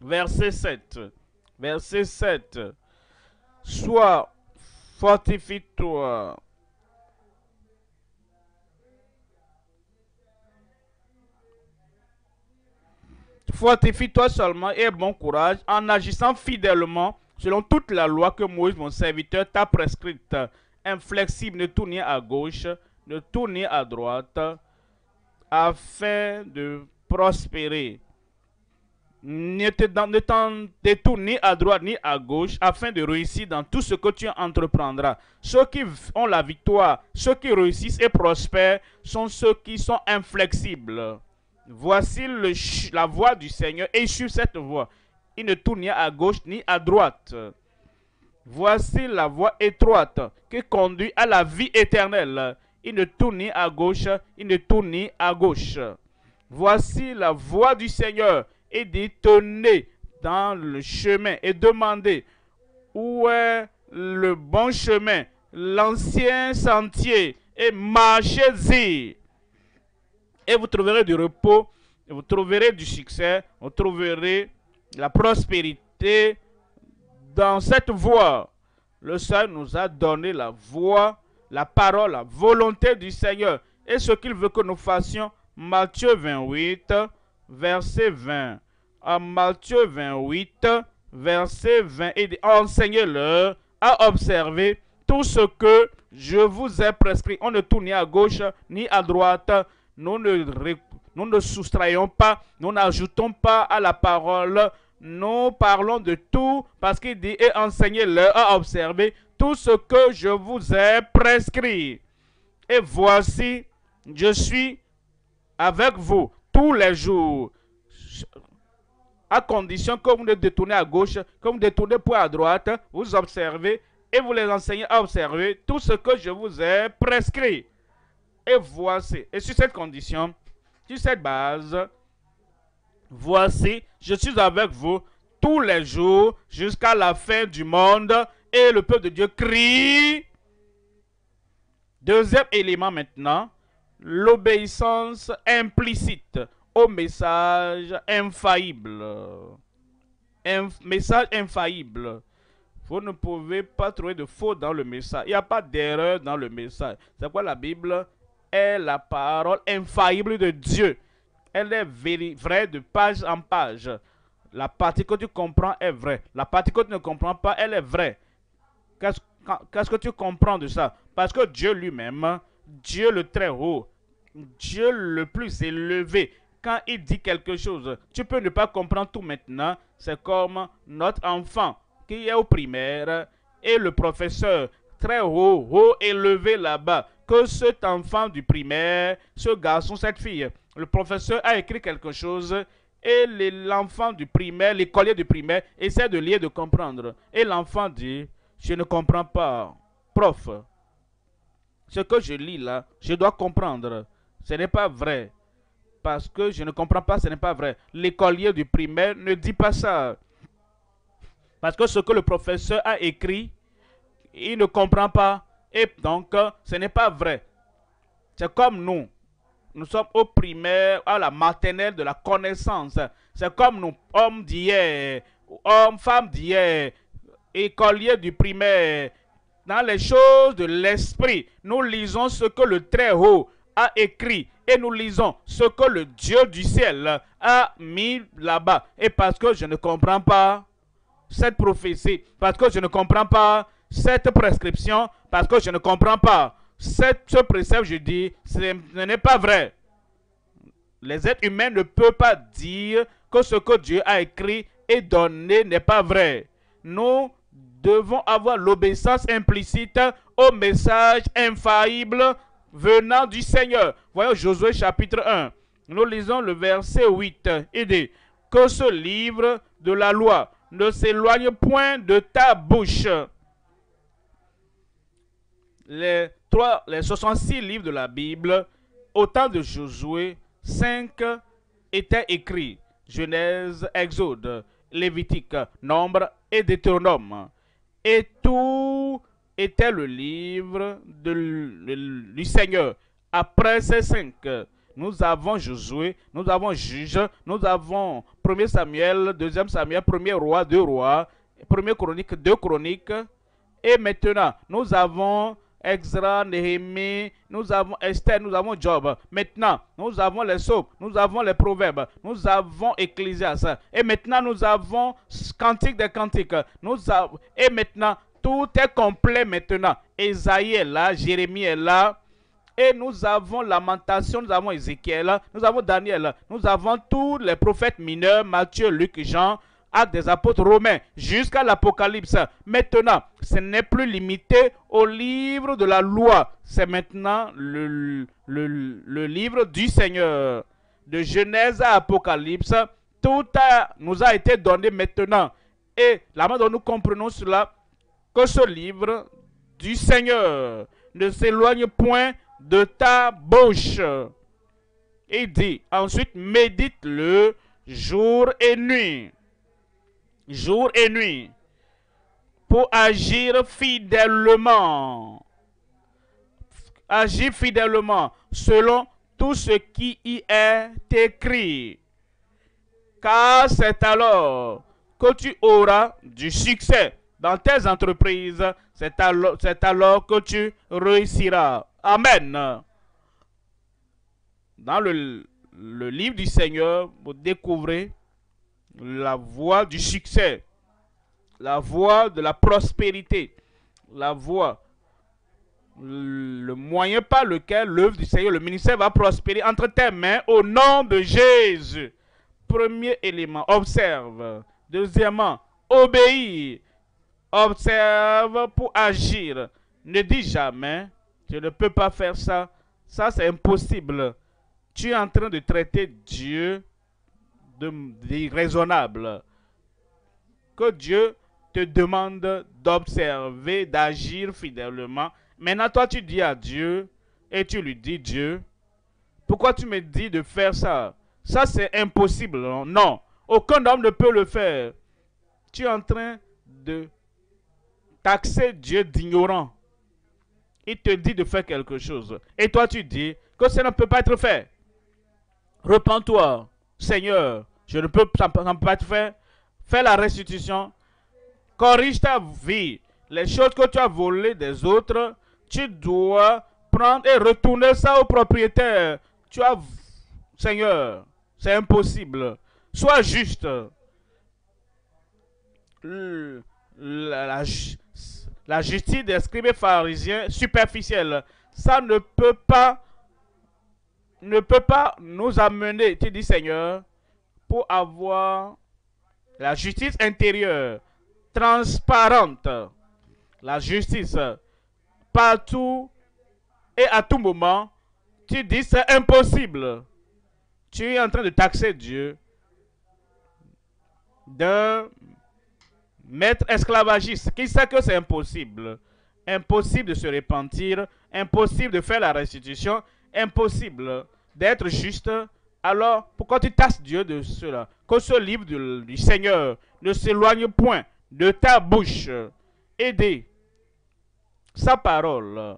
verset 7. Verset 7. Sois fortifie-toi. Fortifie-toi seulement et bon courage en agissant fidèlement selon toute la loi que Moïse, mon serviteur, t'a prescrite inflexible, ne tournez à gauche, ne tournez à droite, afin de prospérer. Ne, t'en ni à droite ni à gauche afin de réussir dans tout ce que tu entreprendras. Ceux qui ont la victoire, ceux qui réussissent et prospèrent sont ceux qui sont inflexibles. Voici le, la voie du Seigneur et sur cette voie. il ne tourne ni à gauche ni à droite. Voici la voie étroite qui conduit à la vie éternelle. Il ne tourne ni à gauche, il ne tourne ni à gauche. Voici la voie du Seigneur. et dit, tenez dans le chemin et demandez où est le bon chemin, l'ancien sentier, et marchez-y. Et vous trouverez du repos, vous trouverez du succès, vous trouverez la prospérité, dans cette voie, le Seigneur nous a donné la voie, la parole, la volonté du Seigneur et ce qu'il veut que nous fassions. Matthieu 28, verset 20. À Matthieu 28, verset 20, et enseignez le à observer tout ce que je vous ai prescrit. On ne tourne ni à gauche ni à droite. Nous ne, nous ne soustrayons pas, nous n'ajoutons pas à la parole nous parlons de tout parce qu'il dit et enseignez-leur à observer tout ce que je vous ai prescrit. Et voici, je suis avec vous tous les jours, à condition que vous ne détournez à gauche, que vous ne détournez pas à droite, vous observez et vous les enseignez à observer tout ce que je vous ai prescrit. Et voici, et sur cette condition, sur cette base, Voici, je suis avec vous tous les jours jusqu'à la fin du monde. Et le peuple de Dieu crie. Deuxième élément maintenant, l'obéissance implicite au message infaillible. Un message infaillible. Vous ne pouvez pas trouver de faux dans le message. Il n'y a pas d'erreur dans le message. C'est quoi la Bible est la parole infaillible de Dieu elle est vraie de page en page. La partie que tu comprends est vraie. La partie que tu ne comprends pas, elle est vraie. Qu'est-ce que tu comprends de ça Parce que Dieu lui-même, Dieu le très haut, Dieu le plus élevé, quand il dit quelque chose, tu peux ne pas comprendre tout maintenant. C'est comme notre enfant qui est au primaire et le professeur très haut, haut élevé là-bas, que cet enfant du primaire, ce garçon, cette fille, le professeur a écrit quelque chose et l'enfant du primaire, l'écolier du primaire, essaie de lire, de comprendre. Et l'enfant dit, je ne comprends pas. Prof, ce que je lis là, je dois comprendre. Ce n'est pas vrai. Parce que je ne comprends pas, ce n'est pas vrai. L'écolier du primaire ne dit pas ça. Parce que ce que le professeur a écrit, il ne comprend pas. Et donc, ce n'est pas vrai. C'est comme nous nous sommes au primaire, à la maternelle de la connaissance. C'est comme nous, hommes d'hier, hommes, femmes d'hier, écoliers du primaire, dans les choses de l'esprit, nous lisons ce que le Très-Haut a écrit et nous lisons ce que le Dieu du ciel a mis là-bas. Et parce que je ne comprends pas cette prophétie, parce que je ne comprends pas cette prescription, parce que je ne comprends pas ce précepte, je dis, ce n'est pas vrai. Les êtres humains ne peuvent pas dire que ce que Dieu a écrit et donné n'est pas vrai. Nous devons avoir l'obéissance implicite au message infaillible venant du Seigneur. Voyons Josué chapitre 1. Nous lisons le verset 8. Il dit, que ce livre de la loi ne s'éloigne point de ta bouche les 66 livres de la Bible, au temps de Josué, 5 étaient écrits. Genèse, Exode, Lévitique, Nombre et Deutéronome. Et tout était le livre de, le, du Seigneur. Après ces 5, nous avons Josué, nous avons Juge, nous avons 1 Samuel, 2 Samuel, 1 Roi, 2 Rois, 1 Chronique, 2 Chroniques. Et maintenant, nous avons Exra, Néhémie, nous avons Esther, nous avons Job. Maintenant, nous avons les Psaumes, nous avons les Proverbes, nous avons Ecclésias. Et maintenant, nous avons Cantique des Cantiques. Nous avons, et maintenant, tout est complet maintenant. Esaïe est là, Jérémie est là. Et nous avons Lamentation, nous avons Ézéchiel, nous avons Daniel, nous avons tous les prophètes mineurs, Matthieu, Luc, Jean, Actes des apôtres romains jusqu'à l'Apocalypse. Maintenant, ce n'est plus limité au livre de la loi. C'est maintenant le, le, livre du Seigneur. De Genèse à Apocalypse, tout a, nous a été donné maintenant. Et la manière dont nous comprenons cela, que ce livre du Seigneur ne s'éloigne point de ta bouche. Il dit, ensuite, médite-le jour et nuit jour et nuit, pour agir fidèlement, agir fidèlement selon tout ce qui y est écrit. Car c'est alors que tu auras du succès dans tes entreprises, c'est alors, que tu réussiras. Amen. Dans le, le livre du Seigneur, vous découvrez la voie du succès, la voie de la prospérité, la voie, le moyen par lequel l'œuvre du Seigneur, le ministère va prospérer entre tes mains au nom de Jésus. Premier élément, observe. Deuxièmement, obéis. Observe pour agir. Ne dis jamais, je ne peux pas faire ça. Ça, c'est impossible. Tu es en train de traiter Dieu de, raisonnable que Dieu te demande d'observer, d'agir fidèlement. Maintenant, toi, tu dis à Dieu et tu lui dis, Dieu, pourquoi tu me dis de faire ça Ça, c'est impossible. Non? non, aucun homme ne peut le faire. Tu es en train de taxer Dieu d'ignorant. Il te dit de faire quelque chose. Et toi, tu dis que ça ne peut pas être fait. Repends-toi, Seigneur. Je ne peux pas te faire. Fais la restitution. Corrige ta vie. Les choses que tu as volées des autres, tu dois prendre et retourner ça au propriétaire. Tu as... Seigneur, c'est impossible. Sois juste. La, justice des scribes pharisiens superficielle, ça ne peut pas, ne peut pas nous amener. Tu dis, Seigneur, pour avoir la justice intérieure transparente, la justice partout et à tout moment, tu dis c'est impossible. Tu es en train de taxer Dieu d'un maître esclavagiste qui sait que c'est impossible. Impossible de se repentir, impossible de faire la restitution, impossible d'être juste, alors, pourquoi tu tasses Dieu de cela Que ce livre du, Seigneur ne s'éloigne point de ta bouche. Aidez sa parole.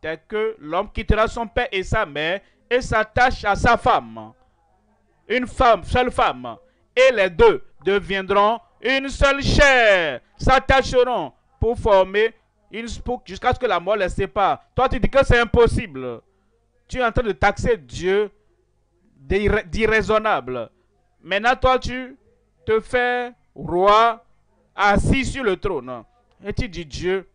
Tel que l'homme quittera son père et sa mère et s'attache à sa femme. Une femme, seule femme. Et les deux deviendront une seule chair. S'attacheront pour former une spook jusqu'à ce que la mort les sépare. Toi, tu dis que c'est impossible tu es en train de taxer Dieu d'irraisonnable. Maintenant, toi, tu te fais roi assis sur le trône. Et tu dis, Dieu,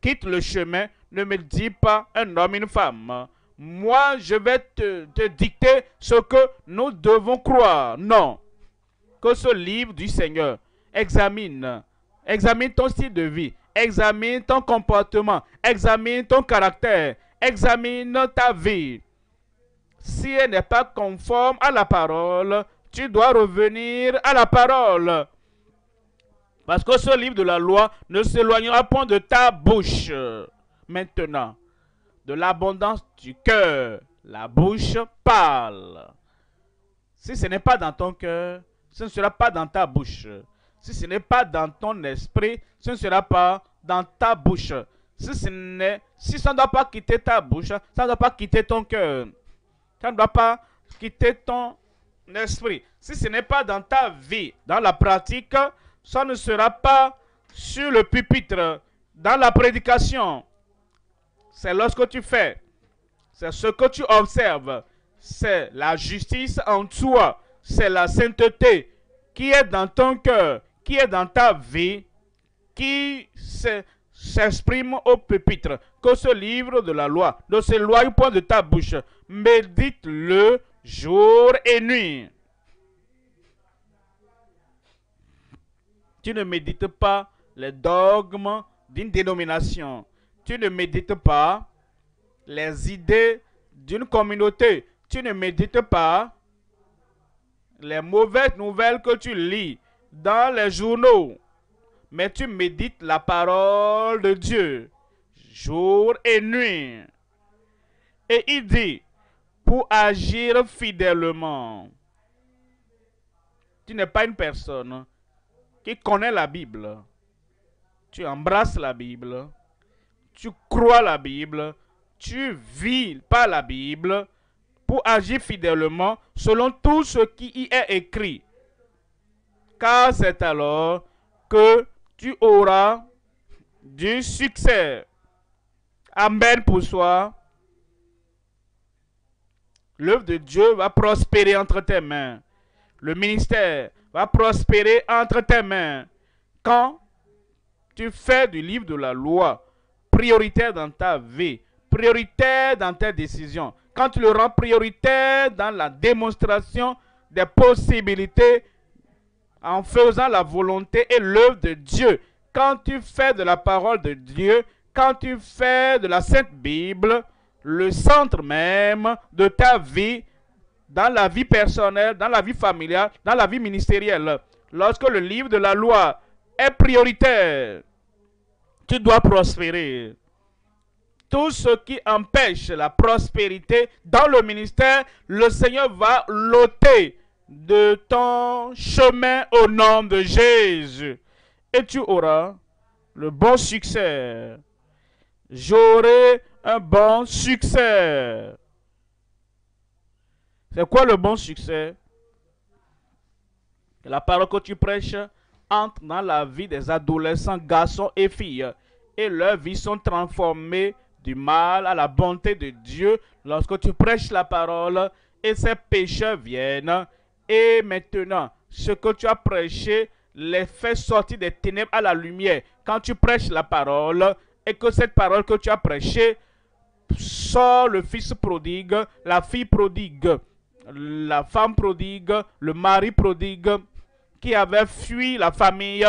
quitte le chemin, ne me dis pas un homme, une femme. Moi, je vais te, te dicter ce que nous devons croire. Non. Que ce livre du Seigneur examine. Examine ton style de vie. Examine ton comportement. Examine ton caractère examine ta vie. Si elle n'est pas conforme à la parole, tu dois revenir à la parole. Parce que ce livre de la loi ne s'éloignera point de ta bouche. Maintenant, de l'abondance du cœur, la bouche parle. Si ce n'est pas dans ton cœur, ce ne sera pas dans ta bouche. Si ce n'est pas dans ton esprit, ce ne sera pas dans ta bouche. Si, ce n'est, si ça ne doit pas quitter ta bouche, ça ne doit pas quitter ton cœur, ça ne doit pas quitter ton esprit, si ce n'est pas dans ta vie, dans la pratique, ça ne sera pas sur le pupitre, dans la prédication. C'est lorsque tu fais, c'est ce que tu observes, c'est la justice en toi, c'est la sainteté qui est dans ton cœur, qui est dans ta vie, qui, c'est s'exprime au pupitre, que ce livre de la loi de lois au point de ta bouche. Médite-le jour et nuit. Tu ne médites pas les dogmes d'une dénomination. Tu ne médites pas les idées d'une communauté. Tu ne médites pas les mauvaises nouvelles que tu lis dans les journaux mais tu médites la parole de Dieu jour et nuit. Et il dit, pour agir fidèlement. Tu n'es pas une personne qui connaît la Bible. Tu embrasses la Bible. Tu crois la Bible. Tu vis par la Bible pour agir fidèlement selon tout ce qui y est écrit. Car c'est alors que tu auras du succès. Amen pour soi. L'œuvre de Dieu va prospérer entre tes mains. Le ministère va prospérer entre tes mains. Quand tu fais du livre de la loi prioritaire dans ta vie, prioritaire dans tes décisions, quand tu le rends prioritaire dans la démonstration des possibilités en faisant la volonté et l'œuvre de Dieu. Quand tu fais de la parole de Dieu, quand tu fais de la Sainte Bible, le centre même de ta vie, dans la vie personnelle, dans la vie familiale, dans la vie ministérielle, lorsque le livre de la loi est prioritaire, tu dois prospérer. Tout ce qui empêche la prospérité dans le ministère, le Seigneur va l'ôter de ton chemin au nom de Jésus et tu auras le bon succès. J'aurai un bon succès. C'est quoi le bon succès la parole que tu prêches entre dans la vie des adolescents, garçons et filles, et leurs vies sont transformées du mal à la bonté de Dieu lorsque tu prêches la parole et ces pécheurs viennent et maintenant, ce que tu as prêché les fait sortir des ténèbres à la lumière. Quand tu prêches la parole et que cette parole que tu as prêchée sort le fils prodigue, la fille prodigue, la femme prodigue, le mari prodigue qui avait fui la famille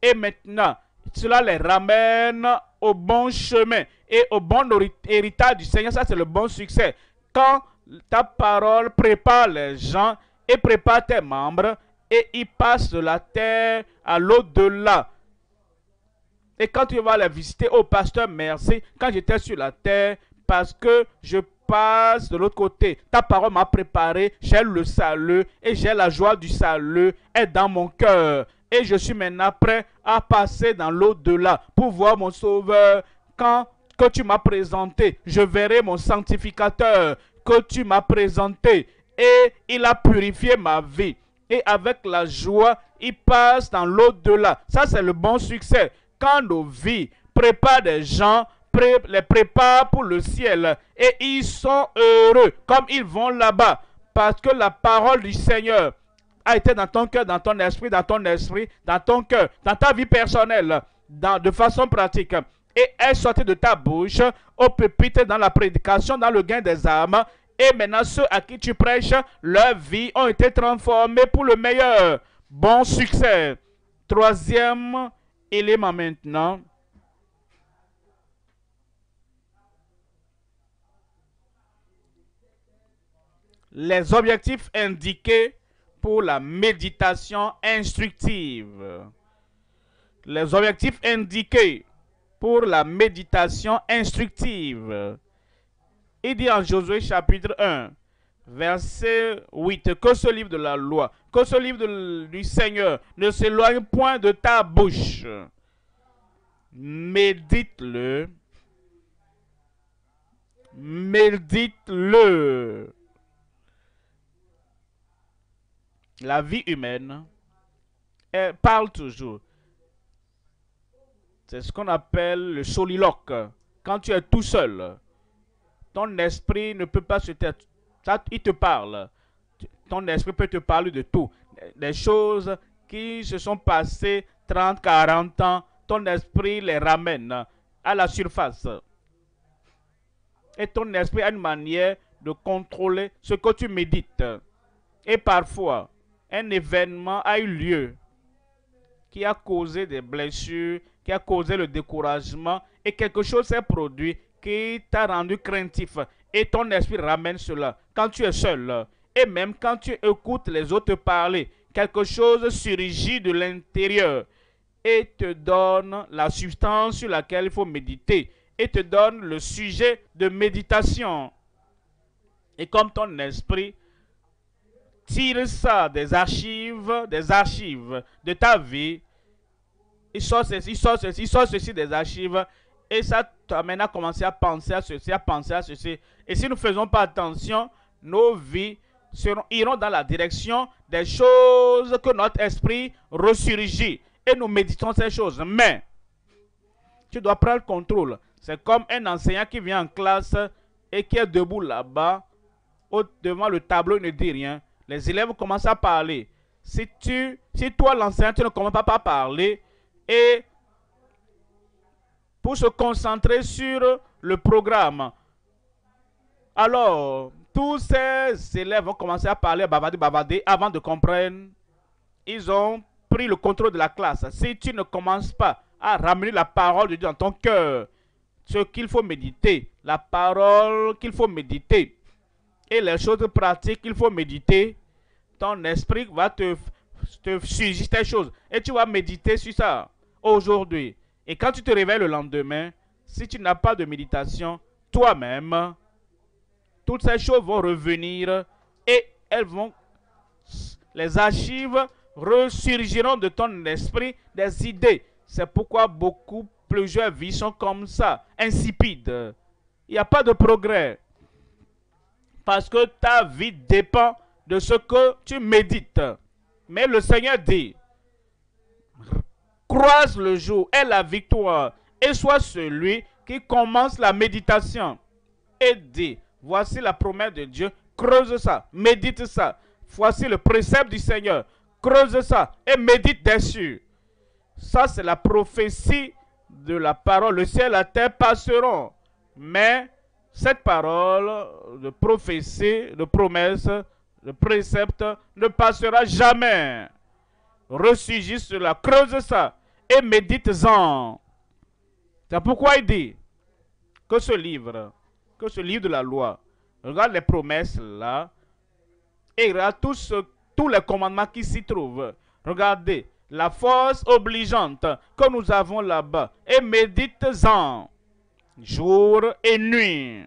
et maintenant cela les ramène au bon chemin et au bon héritage du Seigneur. Ça, c'est le bon succès. Quand ta parole prépare les gens et prépare tes membres et ils passent de la terre à l'au-delà. Et quand tu vas la visiter, oh, pasteur, merci, quand j'étais sur la terre, parce que je passe de l'autre côté. Ta parole m'a préparé, j'ai le salut et j'ai la joie du salut est dans mon cœur. Et je suis maintenant prêt à passer dans l'au-delà pour voir mon sauveur. Quand que tu m'as présenté, je verrai mon sanctificateur que tu m'as présenté et il a purifié ma vie. Et avec la joie, il passe dans l'au-delà. Ça, c'est le bon succès. Quand nos vies préparent des gens, les préparent pour le ciel. Et ils sont heureux comme ils vont là-bas. Parce que la parole du Seigneur a été dans ton cœur, dans ton esprit, dans ton esprit, dans ton cœur, dans ta vie personnelle, dans, de façon pratique. Et est sortie de ta bouche au pupitre dans la prédication, dans le gain des âmes et maintenant, ceux à qui tu prêches, leur vie ont été transformées pour le meilleur. Bon succès. Troisième élément maintenant. les objectifs indiqués pour la méditation instructive. Les objectifs indiqués pour la méditation instructive. Il dit en Josué chapitre 1, verset 8, que ce livre de la loi, que ce livre du Seigneur ne s'éloigne point de ta bouche. Médite-le. Médite-le. La vie humaine elle parle toujours. C'est ce qu'on appelle le soliloque. Quand tu es tout seul, ton esprit ne peut pas se Ça, il te parle. Ton esprit peut te parler de tout. Des choses qui se sont passées 30, 40 ans, ton esprit les ramène à la surface. Et ton esprit a une manière de contrôler ce que tu médites. Et parfois, un événement a eu lieu qui a causé des blessures, qui a causé le découragement, et quelque chose s'est produit qui t'a rendu craintif. Et ton esprit ramène cela quand tu es seul. Et même quand tu écoutes les autres parler, quelque chose surgit de l'intérieur et te donne la substance sur laquelle il faut méditer et te donne le sujet de méditation. Et comme ton esprit tire ça des archives, des archives de ta vie, il sort ceci, il ceci, il sort ceci des archives, et ça t'amène à commencer à penser à ceci, à penser à ceci. Et si nous ne faisons pas attention, nos vies iront dans la direction des choses que notre esprit ressurgit. Et nous méditons ces choses. Mais tu dois prendre le contrôle. C'est comme un enseignant qui vient en classe et qui est debout là-bas, devant le tableau, il ne dit rien. Les élèves commencent à parler. Si, tu, si toi, l'enseignant, tu ne commences pas à parler et pour se concentrer sur le programme. Alors, tous ces élèves ont commencé à parler, à bavarder, avant de comprendre. Ils ont pris le contrôle de la classe. Si tu ne commences pas à ramener la parole de Dieu dans ton cœur, ce qu'il faut méditer, la parole qu'il faut méditer et les choses pratiques qu'il faut méditer, ton esprit va te, te suggérer des choses et tu vas méditer sur ça aujourd'hui. Et quand tu te réveilles le lendemain, si tu n'as pas de méditation toi-même, toutes ces choses vont revenir et elles vont, les archives ressurgiront de ton esprit des idées. C'est pourquoi beaucoup, plusieurs vies sont comme ça, insipides. Il n'y a pas de progrès. Parce que ta vie dépend de ce que tu médites. Mais le Seigneur dit, croise le jour et la victoire, et sois celui qui commence la méditation et dit, voici la promesse de Dieu, creuse ça, médite ça, voici le précepte du Seigneur, creuse ça et médite dessus. Ça, c'est la prophétie de la parole. Le ciel et la terre passeront, mais cette parole de prophétie, de promesse, de précepte ne passera jamais. Ressurgis cela, creuse ça et médites-en. C'est pourquoi il dit que ce livre, que ce livre de la loi, regarde les promesses là, et regarde tous, tous les commandements qui s'y trouvent. Regardez la force obligeante que nous avons là-bas et médites-en jour et nuit.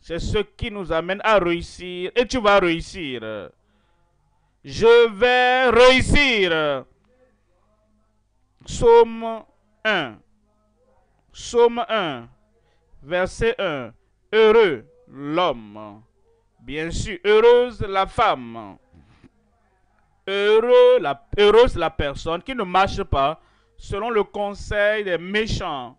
C'est ce qui nous amène à réussir et tu vas réussir. Je vais réussir. Psaume 1. Psaume 1. Verset 1. Heureux l'homme. Bien sûr, heureuse la femme. Heureux la, heureuse la personne qui ne marche pas selon le conseil des méchants,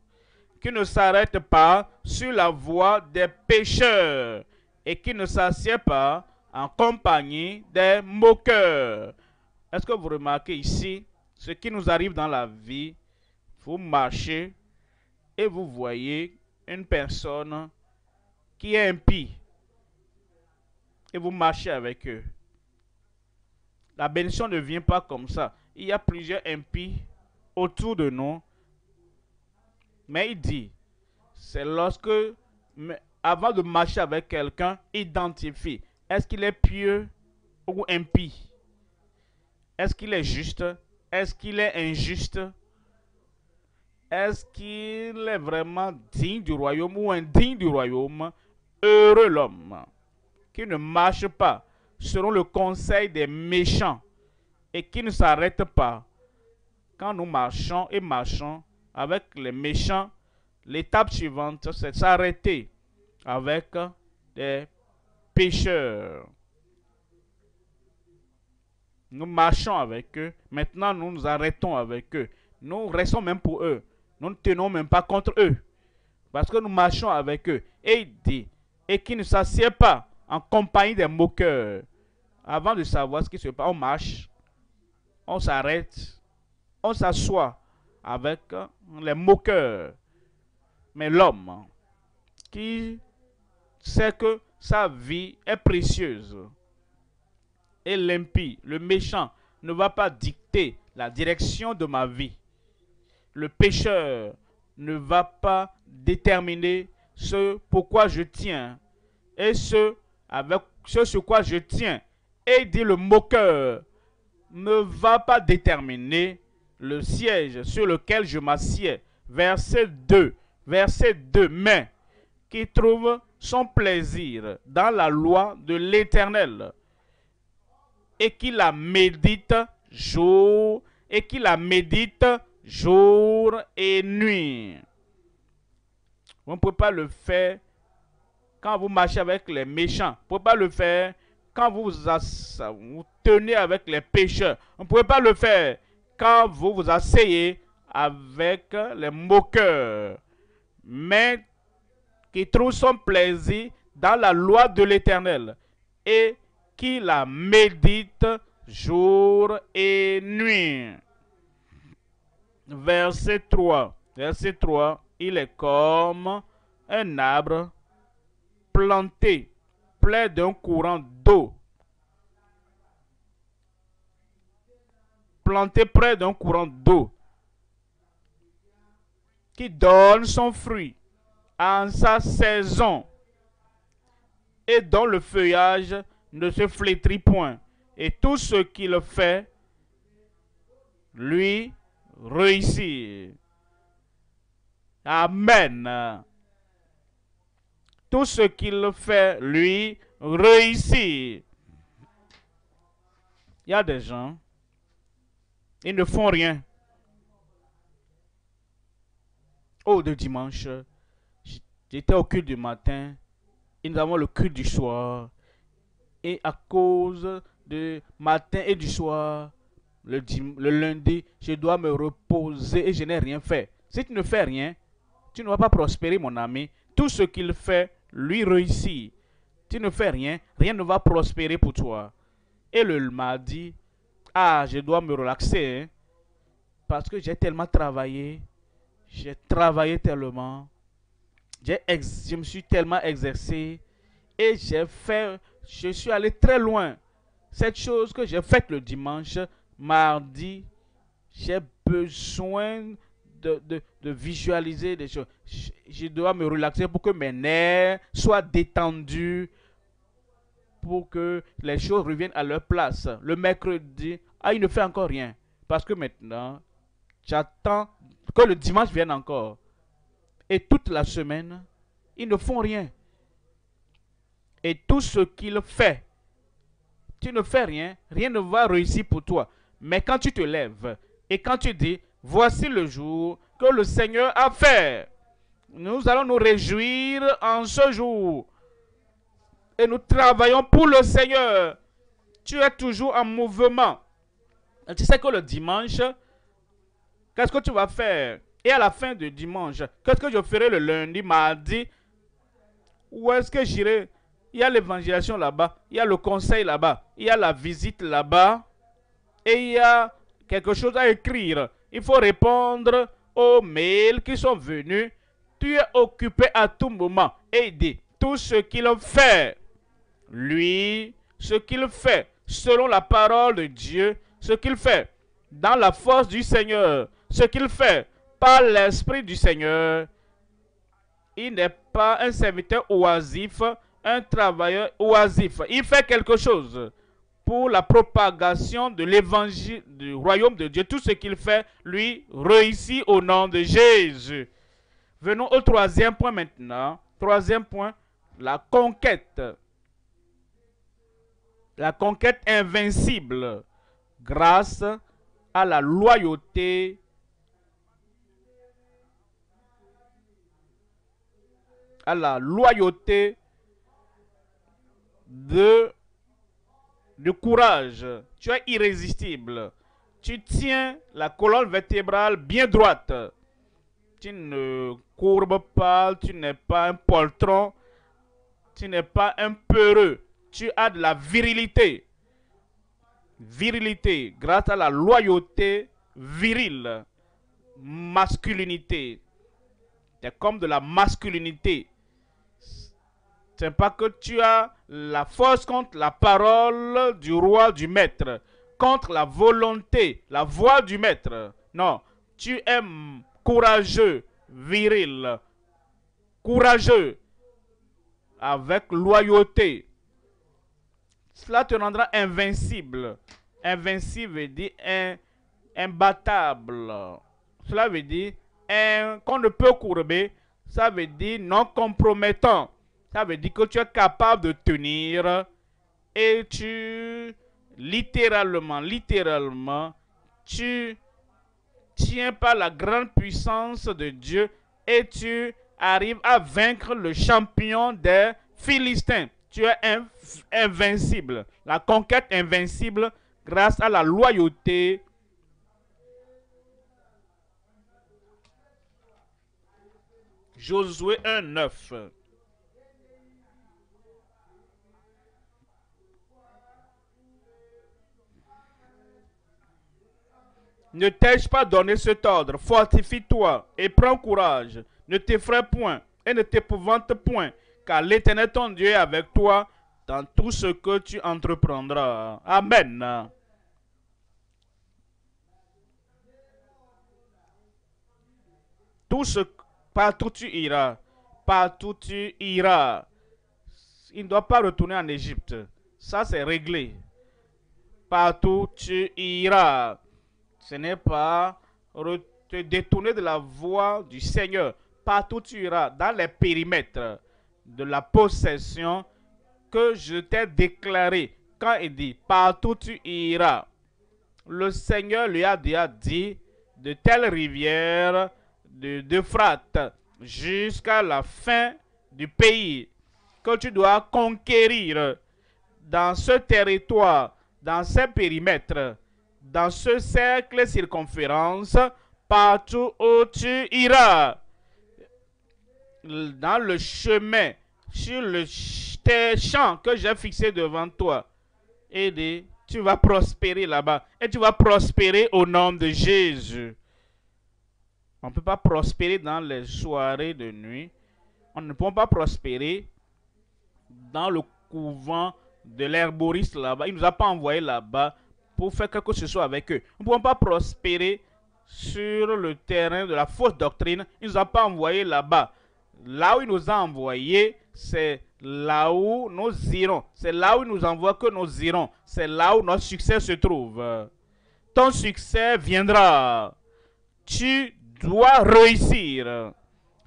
qui ne s'arrête pas sur la voie des pécheurs et qui ne s'assied pas en compagnie des moqueurs. Est-ce que vous remarquez ici ce qui nous arrive dans la vie, vous marchez et vous voyez une personne qui est impie et vous marchez avec eux. La bénédiction ne vient pas comme ça. Il y a plusieurs impies autour de nous. Mais il dit, c'est lorsque, avant de marcher avec quelqu'un, identifie. Est-ce qu'il est pieux ou impie Est-ce qu'il est juste est-ce qu'il est injuste Est-ce qu'il est vraiment digne du royaume ou indigne du royaume Heureux l'homme qui ne marche pas selon le conseil des méchants et qui ne s'arrête pas quand nous marchons et marchons avec les méchants. L'étape suivante, c'est s'arrêter avec des pécheurs. Nous marchons avec eux. Maintenant, nous nous arrêtons avec eux. Nous restons même pour eux. Nous ne tenons même pas contre eux. Parce que nous marchons avec eux. Et dit, et qui ne s'assied pas en compagnie des moqueurs. Avant de savoir ce qui se passe, on marche, on s'arrête, on s'assoit avec euh, les moqueurs. Mais l'homme qui sait que sa vie est précieuse, et l'impie, le méchant, ne va pas dicter la direction de ma vie. Le pécheur ne va pas déterminer ce pourquoi je tiens et ce avec ce sur quoi je tiens. Et dit le moqueur, ne va pas déterminer le siège sur lequel je m'assieds. Verset 2. Verset 2. Mais qui trouve son plaisir dans la loi de l'Éternel et qui la médite jour et qui la médite jour et nuit. On ne peut pas le faire quand vous marchez avec les méchants. On ne peut pas le faire quand vous vous tenez avec les pécheurs. On ne peut pas le faire quand vous vous asseyez avec les moqueurs. Mais qui trouve son plaisir dans la loi de l'Éternel et qui la médite jour et nuit. Verset 3. Verset 3. Il est comme un arbre planté près d'un courant d'eau. Planté près d'un courant d'eau qui donne son fruit en sa saison et dont le feuillage ne se flétrit point, et tout ce qu'il fait lui réussit. Amen. Tout ce qu'il fait lui réussit. Il y a des gens, ils ne font rien. Oh, de dimanche, j'étais au cul du matin, et nous avons le cul du soir et à cause du matin et du soir, le, le lundi, je dois me reposer et je n'ai rien fait. Si tu ne fais rien, tu ne vas pas prospérer, mon ami. Tout ce qu'il fait, lui réussit. Tu ne fais rien, rien ne va prospérer pour toi. Et le mardi, ah, je dois me relaxer. Hein, parce que j'ai tellement travaillé. J'ai travaillé tellement. J'ai je me suis tellement exercé. Et j'ai fait je suis allé très loin. Cette chose que j'ai faite le dimanche, mardi, j'ai besoin de, visualiser des choses. Je, dois me relaxer pour que mes nerfs soient détendus, pour que les choses reviennent à leur place. Le mercredi, ah, il ne fait encore rien. Parce que maintenant, j'attends que le dimanche vienne encore. Et toute la semaine, ils ne font rien et tout ce qu'il fait. Tu ne fais rien, rien ne va réussir pour toi. Mais quand tu te lèves et quand tu dis, voici le jour que le Seigneur a fait, nous allons nous réjouir en ce jour. Et nous travaillons pour le Seigneur. Tu es toujours en mouvement. tu sais que le dimanche, qu'est-ce que tu vas faire Et à la fin du dimanche, qu'est-ce que je ferai le lundi, mardi Où est-ce que j'irai il y a l'évangélisation là-bas, il y a le conseil là-bas, il y a la visite là-bas, et il y a quelque chose à écrire. Il faut répondre aux mails qui sont venus. Tu es occupé à tout moment. Aider tout ce qu'il fait. Lui, ce qu'il fait, selon la parole de Dieu, ce qu'il fait dans la force du Seigneur, ce qu'il fait par l'Esprit du Seigneur. Il n'est pas un serviteur oisif, un travailleur oisif. Il fait quelque chose pour la propagation de l'évangile du royaume de Dieu. Tout ce qu'il fait, lui, réussit au nom de Jésus. Venons au troisième point maintenant. Troisième point, la conquête. La conquête invincible grâce à la loyauté à la loyauté de, courage. Tu es irrésistible. Tu tiens la colonne vertébrale bien droite. Tu ne courbes pas, tu n'es pas un poltron, tu n'es pas un peureux. Tu as de la virilité. Virilité, grâce à la loyauté virile, masculinité. Tu es comme de la masculinité c'est pas que tu as la force contre la parole du roi, du maître, contre la volonté, la voix du maître. Non, tu es courageux, viril, courageux, avec loyauté. Cela te rendra invincible. Invincible veut dire imbattable. Cela veut dire qu'on ne peut courber. Ça veut dire non compromettant ça veut dire que tu es capable de tenir et tu, littéralement, littéralement, tu tiens par la grande puissance de Dieu et tu arrives à vaincre le champion des Philistins. Tu es invincible. La conquête invincible grâce à la loyauté Josué 1.9. Ne t'ai-je pas donné cet ordre Fortifie-toi et prends courage. Ne t'effraie point et ne t'épouvante point, car l'Éternel ton Dieu est avec toi dans tout ce que tu entreprendras. Amen. Tout ce, partout tu iras, partout tu iras. Il ne doit pas retourner en Égypte. Ça, c'est réglé. Partout tu iras. Ce n'est pas te détourner de la voie du Seigneur. Partout tu iras, dans les périmètres de la possession que je t'ai déclaré. Quand il dit, partout tu iras, le Seigneur lui a déjà dit, de telles rivières de, d'Euphrate jusqu'à la fin du pays, que tu dois conquérir dans ce territoire, dans ces périmètres dans ce cercle circonférence partout où tu iras. Dans le chemin, sur le champ que j'ai fixé devant toi. Et tu vas prospérer là-bas. Et tu vas prospérer au nom de Jésus. On ne peut pas prospérer dans les soirées de nuit. On ne peut pas prospérer dans le couvent de l'herboriste là-bas. Il nous a pas envoyé là-bas pour faire quelque chose avec eux. Nous ne pouvons pas prospérer sur le terrain de la fausse doctrine. Il ne nous a pas envoyé là-bas. Là où il nous a envoyé, c'est là où nous irons. C'est là où il nous envoie que nous irons. C'est là où notre succès se trouve. Ton succès viendra. Tu dois réussir.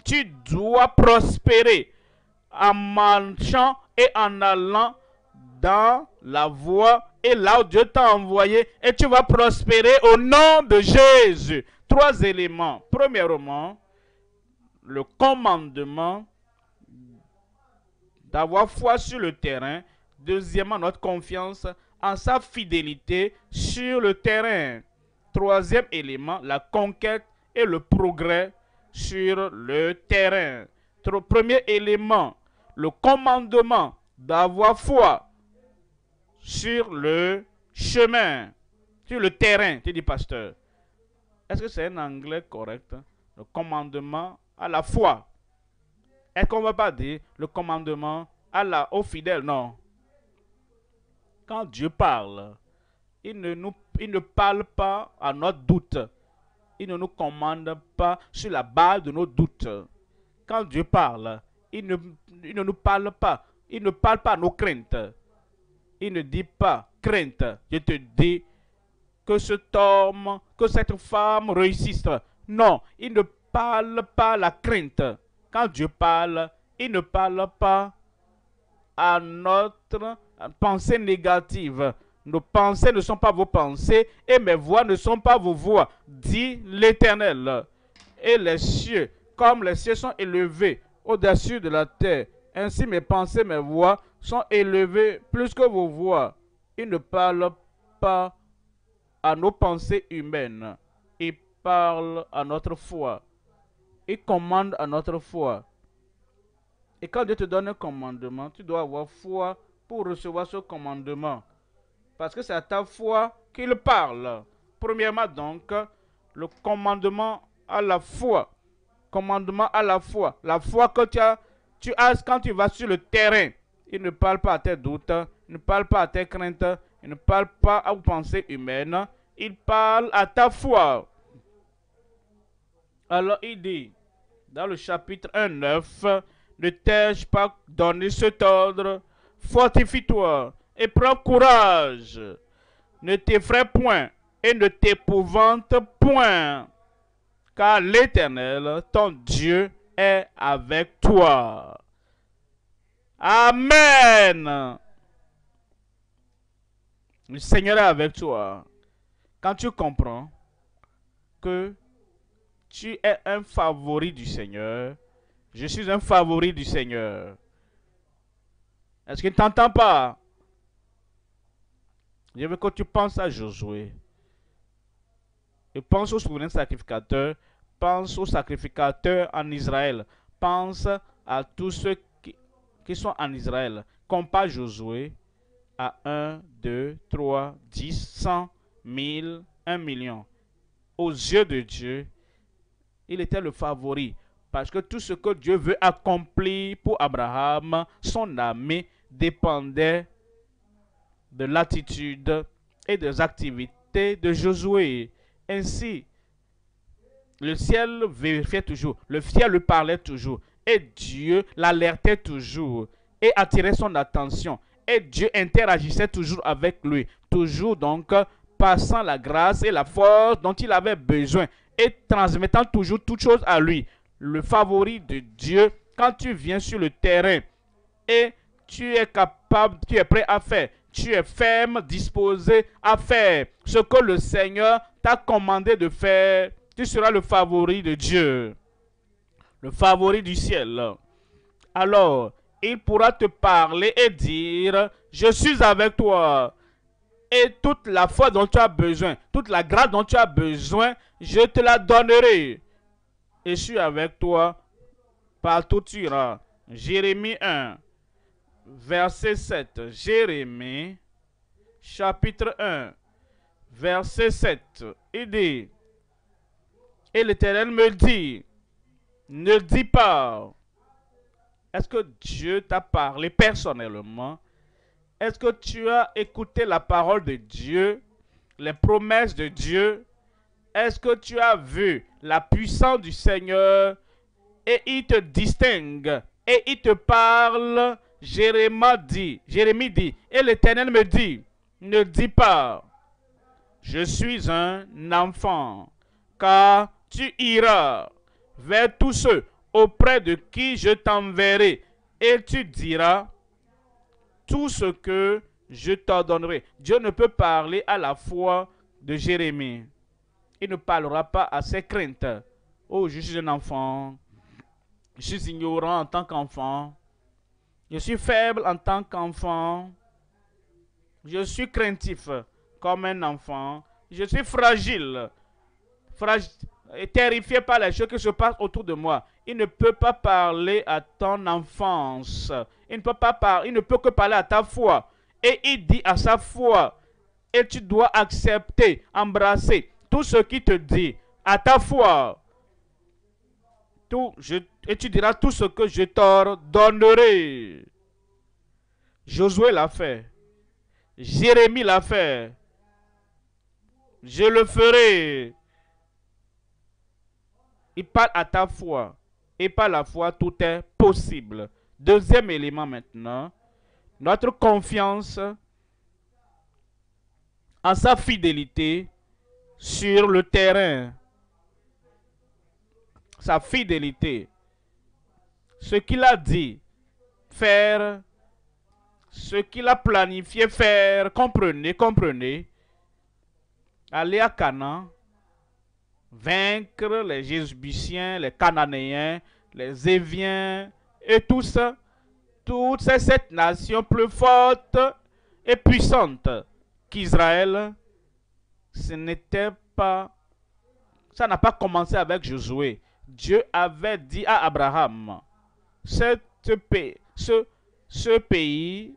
Tu dois prospérer en marchant et en allant dans la voie et là où Dieu t'a envoyé et tu vas prospérer au nom de Jésus. Trois éléments. Premièrement, le commandement d'avoir foi sur le terrain. Deuxièmement, notre confiance en sa fidélité sur le terrain. Troisième élément, la conquête et le progrès sur le terrain. Premier élément, le commandement d'avoir foi sur le chemin, sur le terrain, tu dis pasteur. Est-ce que c'est un anglais correct hein? Le commandement à la foi. Est-ce qu'on ne va pas dire le commandement à la, aux fidèles Non. Quand Dieu parle, il ne, nous, ne parle pas à notre doute. Il ne nous commande pas sur la base de nos doutes. Quand Dieu parle, il ne, il ne nous parle pas. Il ne parle pas à nos craintes il ne dit pas crainte. Je te dis que cet homme, que cette femme réussisse. Non, il ne parle pas la crainte. Quand Dieu parle, il ne parle pas à notre pensée négative. Nos pensées ne sont pas vos pensées et mes voix ne sont pas vos voix, dit l'Éternel. Et les cieux, comme les cieux sont élevés au-dessus de la terre, ainsi mes pensées, mes voix sont élevés plus que vos voix. Ils ne parlent pas à nos pensées humaines. Ils parlent à notre foi. Ils commandent à notre foi. Et quand Dieu te donne un commandement, tu dois avoir foi pour recevoir ce commandement. Parce que c'est à ta foi qu'il parle. Premièrement donc, le commandement à la foi. Commandement à la foi. La foi que tu as, tu as quand tu vas sur le terrain. Il ne parle pas à tes doutes, il ne parle pas à tes craintes, il ne parle pas aux pensées humaines, il parle à ta foi. Alors il dit, dans le chapitre 1.9, ne t'ai-je pas donné cet ordre Fortifie-toi et prends courage. Ne t'effraie point et ne t'épouvante point, car l'Éternel, ton Dieu, est avec toi. Amen. Le Seigneur est avec toi. Quand tu comprends que tu es un favori du Seigneur, je suis un favori du Seigneur. Est-ce qu'il ne t'entend pas? Je veux que tu penses à Josué. Et pense au souverain sacrificateur. Pense au sacrificateur en Israël. Pense à tous ceux qui sont en Israël. Compare Josué à 1, 2, 3, 10, 100, 000, 1 million. Aux yeux de Dieu, il était le favori. Parce que tout ce que Dieu veut accomplir pour Abraham, son armée dépendait de l'attitude et des activités de Josué. Ainsi, le ciel vérifiait toujours, le ciel lui parlait toujours. Et Dieu l'alertait toujours et attirait son attention. Et Dieu interagissait toujours avec lui, toujours donc passant la grâce et la force dont il avait besoin et transmettant toujours toutes choses à lui. Le favori de Dieu, quand tu viens sur le terrain et tu es capable, tu es prêt à faire, tu es ferme, disposé à faire ce que le Seigneur t'a commandé de faire, tu seras le favori de Dieu le favori du ciel. Alors, il pourra te parler et dire, je suis avec toi. Et toute la foi dont tu as besoin, toute la grâce dont tu as besoin, je te la donnerai. Et je suis avec toi partout tu iras. Jérémie 1, verset 7. Jérémie, chapitre 1, verset 7. Il dit, et l'Éternel me dit, ne dis pas. Est-ce que Dieu t'a parlé personnellement? Est-ce que tu as écouté la parole de Dieu, les promesses de Dieu? Est-ce que tu as vu la puissance du Seigneur et il te distingue et il te parle? Jérémie dit, Jérémie dit, et l'Éternel me dit, ne dis pas, je suis un enfant, car tu iras vers tous ceux auprès de qui je t'enverrai, et tu diras tout ce que je t'ordonnerai. Dieu ne peut parler à la fois de Jérémie. Il ne parlera pas à ses craintes. Oh, je suis un enfant. Je suis ignorant en tant qu'enfant. Je suis faible en tant qu'enfant. Je suis craintif comme un enfant. Je suis fragile. Fragile terrifié par les choses qui se passent autour de moi. Il ne peut pas parler à ton enfance. Il ne peut pas parler, il ne peut que parler à ta foi. Et il dit à sa foi, et tu dois accepter, embrasser tout ce qu'il te dit à ta foi. Tout, et tu diras tout ce que je t'ordonnerai. Josué l'a fait. Jérémie l'a fait. Je le ferai. Il parle à ta foi. Et par la foi, tout est possible. Deuxième élément maintenant, notre confiance en sa fidélité sur le terrain. Sa fidélité. Ce qu'il a dit faire, ce qu'il a planifié faire, comprenez, comprenez. Aller à Canaan, vaincre les jésubiciens, les Cananéens, les Éviens et tous, toutes ces sept nations plus fortes et puissantes qu'Israël, ce n'était pas, ça n'a pas commencé avec Josué. Dieu avait dit à Abraham, Cette paix, ce, ce pays,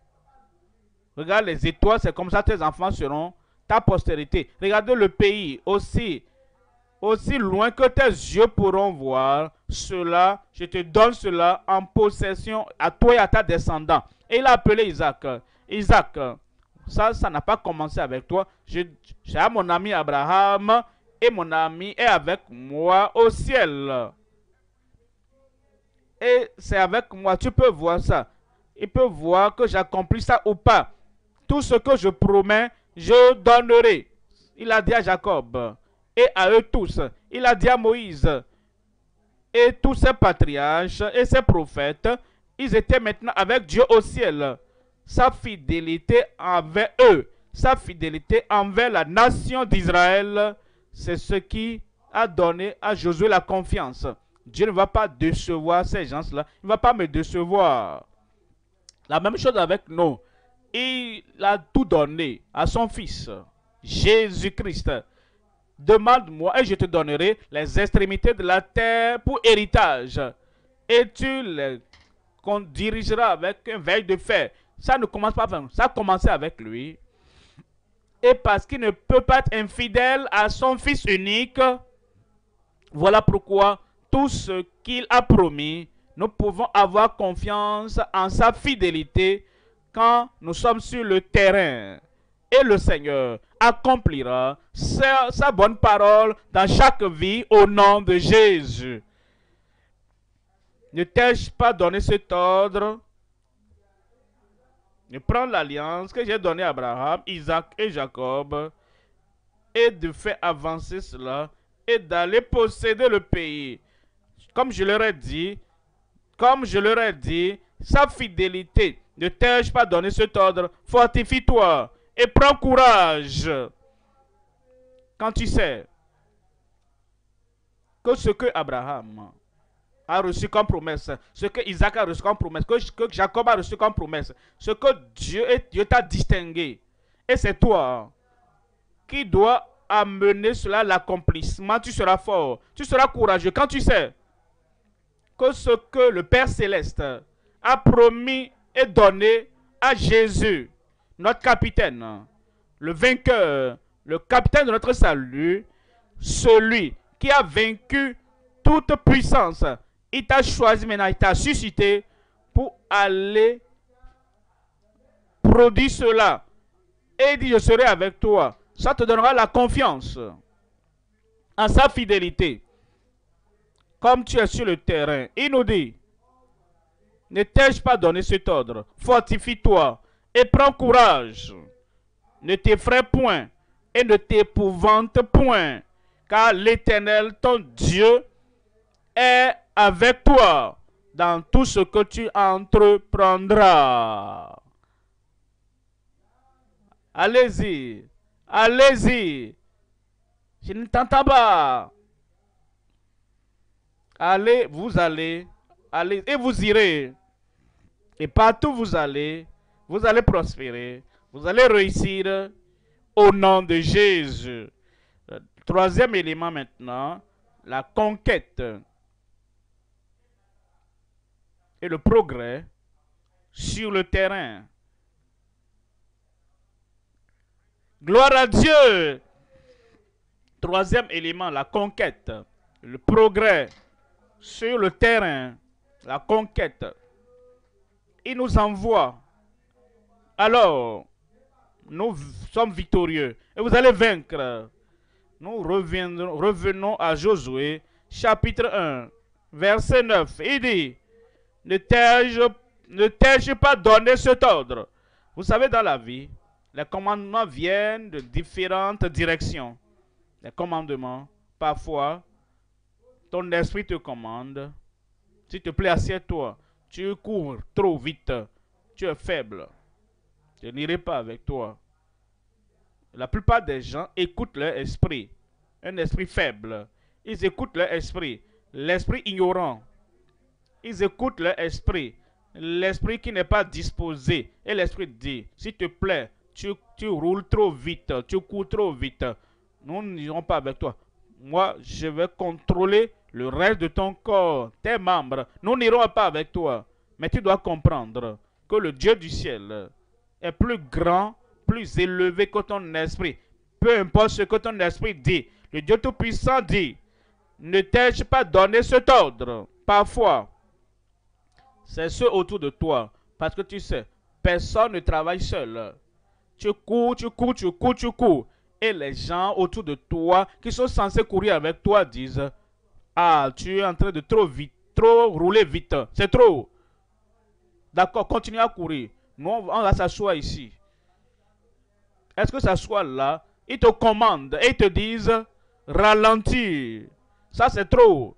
regarde les étoiles, c'est comme ça tes enfants seront ta postérité. Regardez le pays aussi, aussi loin que tes yeux pourront voir, cela, je te donne cela en possession à toi et à ta descendant. Et il a appelé Isaac. Isaac, ça, ça n'a pas commencé avec toi. J'ai mon ami Abraham et mon ami est avec moi au ciel. Et c'est avec moi, tu peux voir ça. Il peut voir que j'accomplis ça ou pas. Tout ce que je promets, je donnerai. Il a dit à Jacob et à eux tous. Il a dit à Moïse et tous ses patriarches et ses prophètes, ils étaient maintenant avec Dieu au ciel. Sa fidélité envers eux, sa fidélité envers la nation d'Israël, c'est ce qui a donné à Josué la confiance. Dieu ne va pas décevoir ces gens-là. Il ne va pas me décevoir. La même chose avec nous. Il a tout donné à son fils, Jésus-Christ. Demande-moi et je te donnerai les extrémités de la terre pour héritage. Et tu les dirigeras avec un veille de fer. Ça ne commence pas ça a commencé avec lui. Et parce qu'il ne peut pas être infidèle à son fils unique, voilà pourquoi tout ce qu'il a promis, nous pouvons avoir confiance en sa fidélité quand nous sommes sur le terrain et le Seigneur accomplira sa, bonne parole dans chaque vie au nom de Jésus. Ne t'ai-je pas donné cet ordre Ne prends l'alliance que j'ai donnée à Abraham, Isaac et Jacob et de faire avancer cela et d'aller posséder le pays. Comme je leur ai dit, comme je leur ai dit, sa fidélité. Ne t'ai-je pas donné cet ordre Fortifie-toi et prends courage quand tu sais que ce que Abraham a reçu comme promesse, ce que Isaac a reçu comme promesse, ce que Jacob a reçu comme promesse, ce que Dieu, Dieu t'a distingué, et c'est toi qui dois amener cela à l'accomplissement. Tu seras fort, tu seras courageux quand tu sais que ce que le Père céleste a promis et donné à Jésus, notre capitaine, le vainqueur, le capitaine de notre salut, celui qui a vaincu toute puissance. Il t'a choisi maintenant, il t'a suscité pour aller produire cela. Et il dit, je serai avec toi. Ça te donnera la confiance en sa fidélité. Comme tu es sur le terrain, il nous dit, ne t'ai-je pas donné cet ordre Fortifie-toi et prends courage. Ne t'effraie point et ne t'épouvante point, car l'Éternel, ton Dieu, est avec toi dans tout ce que tu entreprendras. Allez-y, allez-y. Je ne t'entends pas. Allez, vous allez, allez, et vous irez. Et partout vous allez, vous allez prospérer, vous allez réussir au nom de Jésus. Euh, troisième élément maintenant, la conquête et le progrès sur le terrain. Gloire à Dieu. Troisième élément, la conquête, le progrès sur le terrain, la conquête. Il nous envoie alors nous sommes victorieux et vous allez vaincre. Nous revenons à Josué, chapitre 1, verset 9. Il dit, ne t'ai-je pas donné cet ordre Vous savez, dans la vie, les commandements viennent de différentes directions. Les commandements, parfois, ton esprit te commande. S'il te plaît, assieds-toi. Tu cours trop vite. Tu es faible. Je n'irai pas avec toi. La plupart des gens écoutent leur esprit, un esprit faible. Ils écoutent leur esprit, l'esprit ignorant. Ils écoutent leur esprit, l'esprit qui n'est pas disposé. Et l'esprit dit, s'il te plaît, tu, roules trop vite, tu cours trop vite. Nous n'irons pas avec toi. Moi, je vais contrôler le reste de ton corps, tes membres. Nous n'irons pas avec toi. Mais tu dois comprendre que le Dieu du ciel, est plus grand, plus élevé que ton esprit. Peu importe ce que ton esprit dit, le Dieu Tout-Puissant dit, ne t'ai-je pas donné cet ordre Parfois, c'est ceux autour de toi, parce que tu sais, personne ne travaille seul. Tu cours, tu cours, tu cours, tu cours. Et les gens autour de toi qui sont censés courir avec toi disent, ah, tu es en train de trop vite, trop rouler vite, c'est trop. D'accord, continue à courir. Nous, on va s'asseoir ici. Est-ce que ça soit là Ils te commandent et ils te disent ralentir. Ça, c'est trop.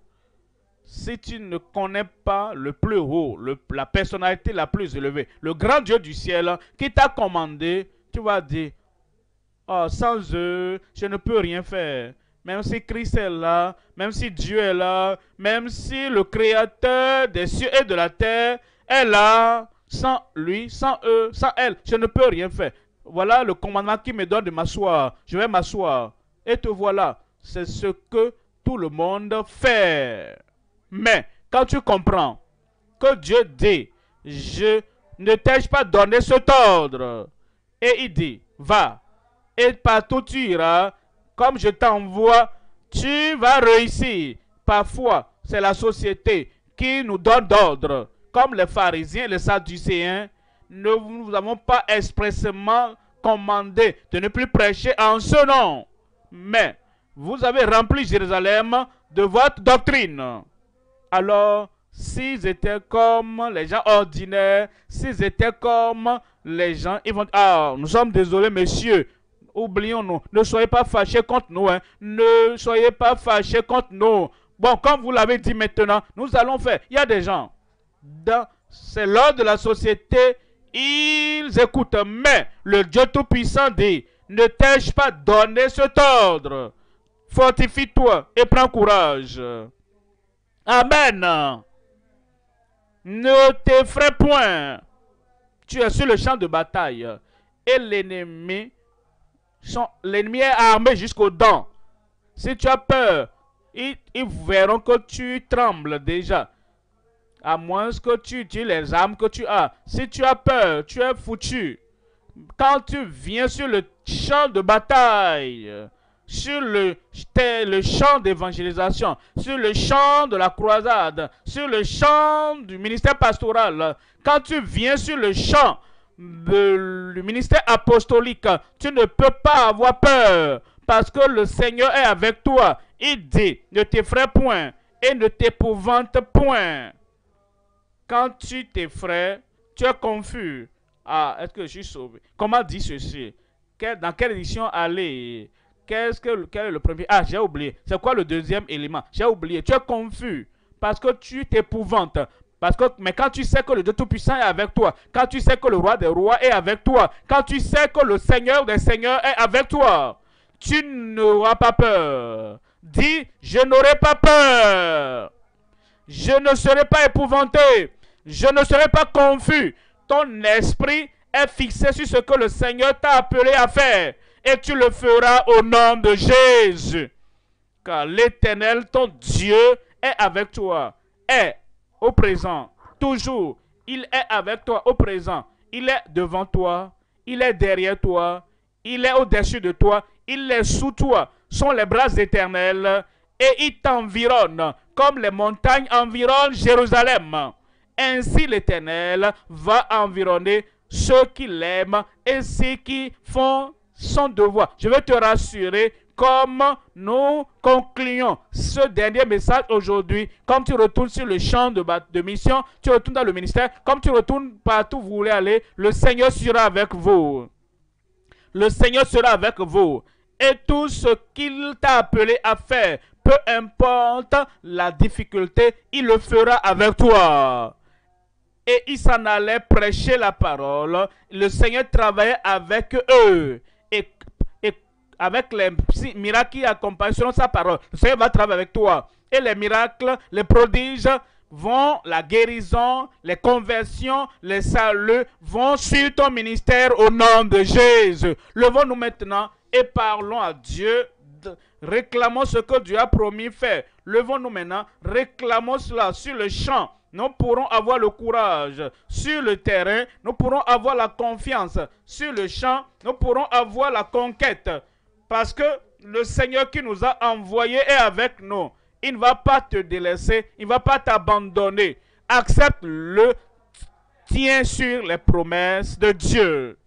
Si tu ne connais pas le plus haut, la personnalité la plus élevée, le grand Dieu du ciel qui t'a commandé, tu vas dire Oh, sans eux, je ne peux rien faire. Même si Christ est là, même si Dieu est là, même si le Créateur des cieux et de la terre est là, sans lui, sans eux, sans elle, je ne peux rien faire. Voilà le commandement qui me donne de m'asseoir. Je vais m'asseoir. Et te voilà. C'est ce que tout le monde fait. Mais quand tu comprends que Dieu dit, je ne tai pas donné cet ordre Et il dit, va, et partout tu iras, comme je t'envoie, tu vas réussir. Parfois, c'est la société qui nous donne d'ordre comme les pharisiens, les sadducéens, nous vous avons pas expressément commandé de ne plus prêcher en ce nom. Mais vous avez rempli Jérusalem de votre doctrine. Alors, s'ils étaient comme les gens ordinaires, s'ils étaient comme les gens, ils vont ah, nous sommes désolés, messieurs, oublions-nous, ne soyez pas fâchés contre nous, hein. ne soyez pas fâchés contre nous. Bon, comme vous l'avez dit maintenant, nous allons faire. Il y a des gens, c'est l'ordre de la société, ils écoutent. Mais le Dieu Tout-Puissant dit, ne t'ai-je pas donné cet ordre Fortifie-toi et prends courage. Amen. Ne t'effraie point. Tu es sur le champ de bataille. Et l'ennemi, l'ennemi est armé jusqu'aux dents. Si tu as peur, ils verront que tu trembles déjà à moins que tu utilises les armes que tu as. Si tu as peur, tu es foutu. Quand tu viens sur le champ de bataille, sur le, champ d'évangélisation, sur le champ de la croisade, sur le champ du ministère pastoral, quand tu viens sur le champ du ministère apostolique, tu ne peux pas avoir peur parce que le Seigneur est avec toi. Il dit, ne t'effraie point et ne t'épouvante point. Quand tu t'effraies, tu es confus. Ah, est-ce que je suis sauvé Comment dit ceci Dans quelle édition aller Qu'est-ce que quel est le premier Ah, j'ai oublié. C'est quoi le deuxième élément J'ai oublié. Tu es confus parce que tu t'épouvantes. Parce que, mais quand tu sais que le Dieu Tout-Puissant est avec toi, quand tu sais que le Roi des Rois est avec toi, quand tu sais que le Seigneur des Seigneurs est avec toi, tu n'auras pas peur. Dis, je n'aurai pas peur. Je ne serai pas épouvanté je ne serai pas confus. Ton esprit est fixé sur ce que le Seigneur t'a appelé à faire et tu le feras au nom de Jésus. Car l'Éternel, ton Dieu, est avec toi, est au présent, toujours. Il est avec toi au présent. Il est devant toi, il est derrière toi, il est au-dessus de toi, il est sous toi. Sont les bras éternels et il t'environne comme les montagnes environnent Jérusalem. Ainsi l'Éternel va environner ceux qui l'aiment et ceux qui font son devoir. Je veux te rassurer, comme nous concluons ce dernier message aujourd'hui, comme tu retournes sur le champ de, de, mission, tu retournes dans le ministère, comme tu retournes partout où vous voulez aller, le Seigneur sera avec vous. Le Seigneur sera avec vous. Et tout ce qu'il t'a appelé à faire, peu importe la difficulté, il le fera avec toi et ils s'en allaient prêcher la parole. Le Seigneur travaillait avec eux et, avec les miracles qui accompagneront sa parole. Le Seigneur va travailler avec toi. Et les miracles, les prodiges vont, la guérison, les conversions, les saluts vont sur ton ministère au nom de Jésus. Levons-nous maintenant et parlons à Dieu réclamons ce que Dieu a promis faire. Levons-nous maintenant, réclamons cela sur le champ nous pourrons avoir le courage sur le terrain, nous pourrons avoir la confiance sur le champ, nous pourrons avoir la conquête. Parce que le Seigneur qui nous a envoyés est avec nous. Il ne va pas te délaisser, il ne va pas t'abandonner. Accepte-le, tiens sur les promesses de Dieu.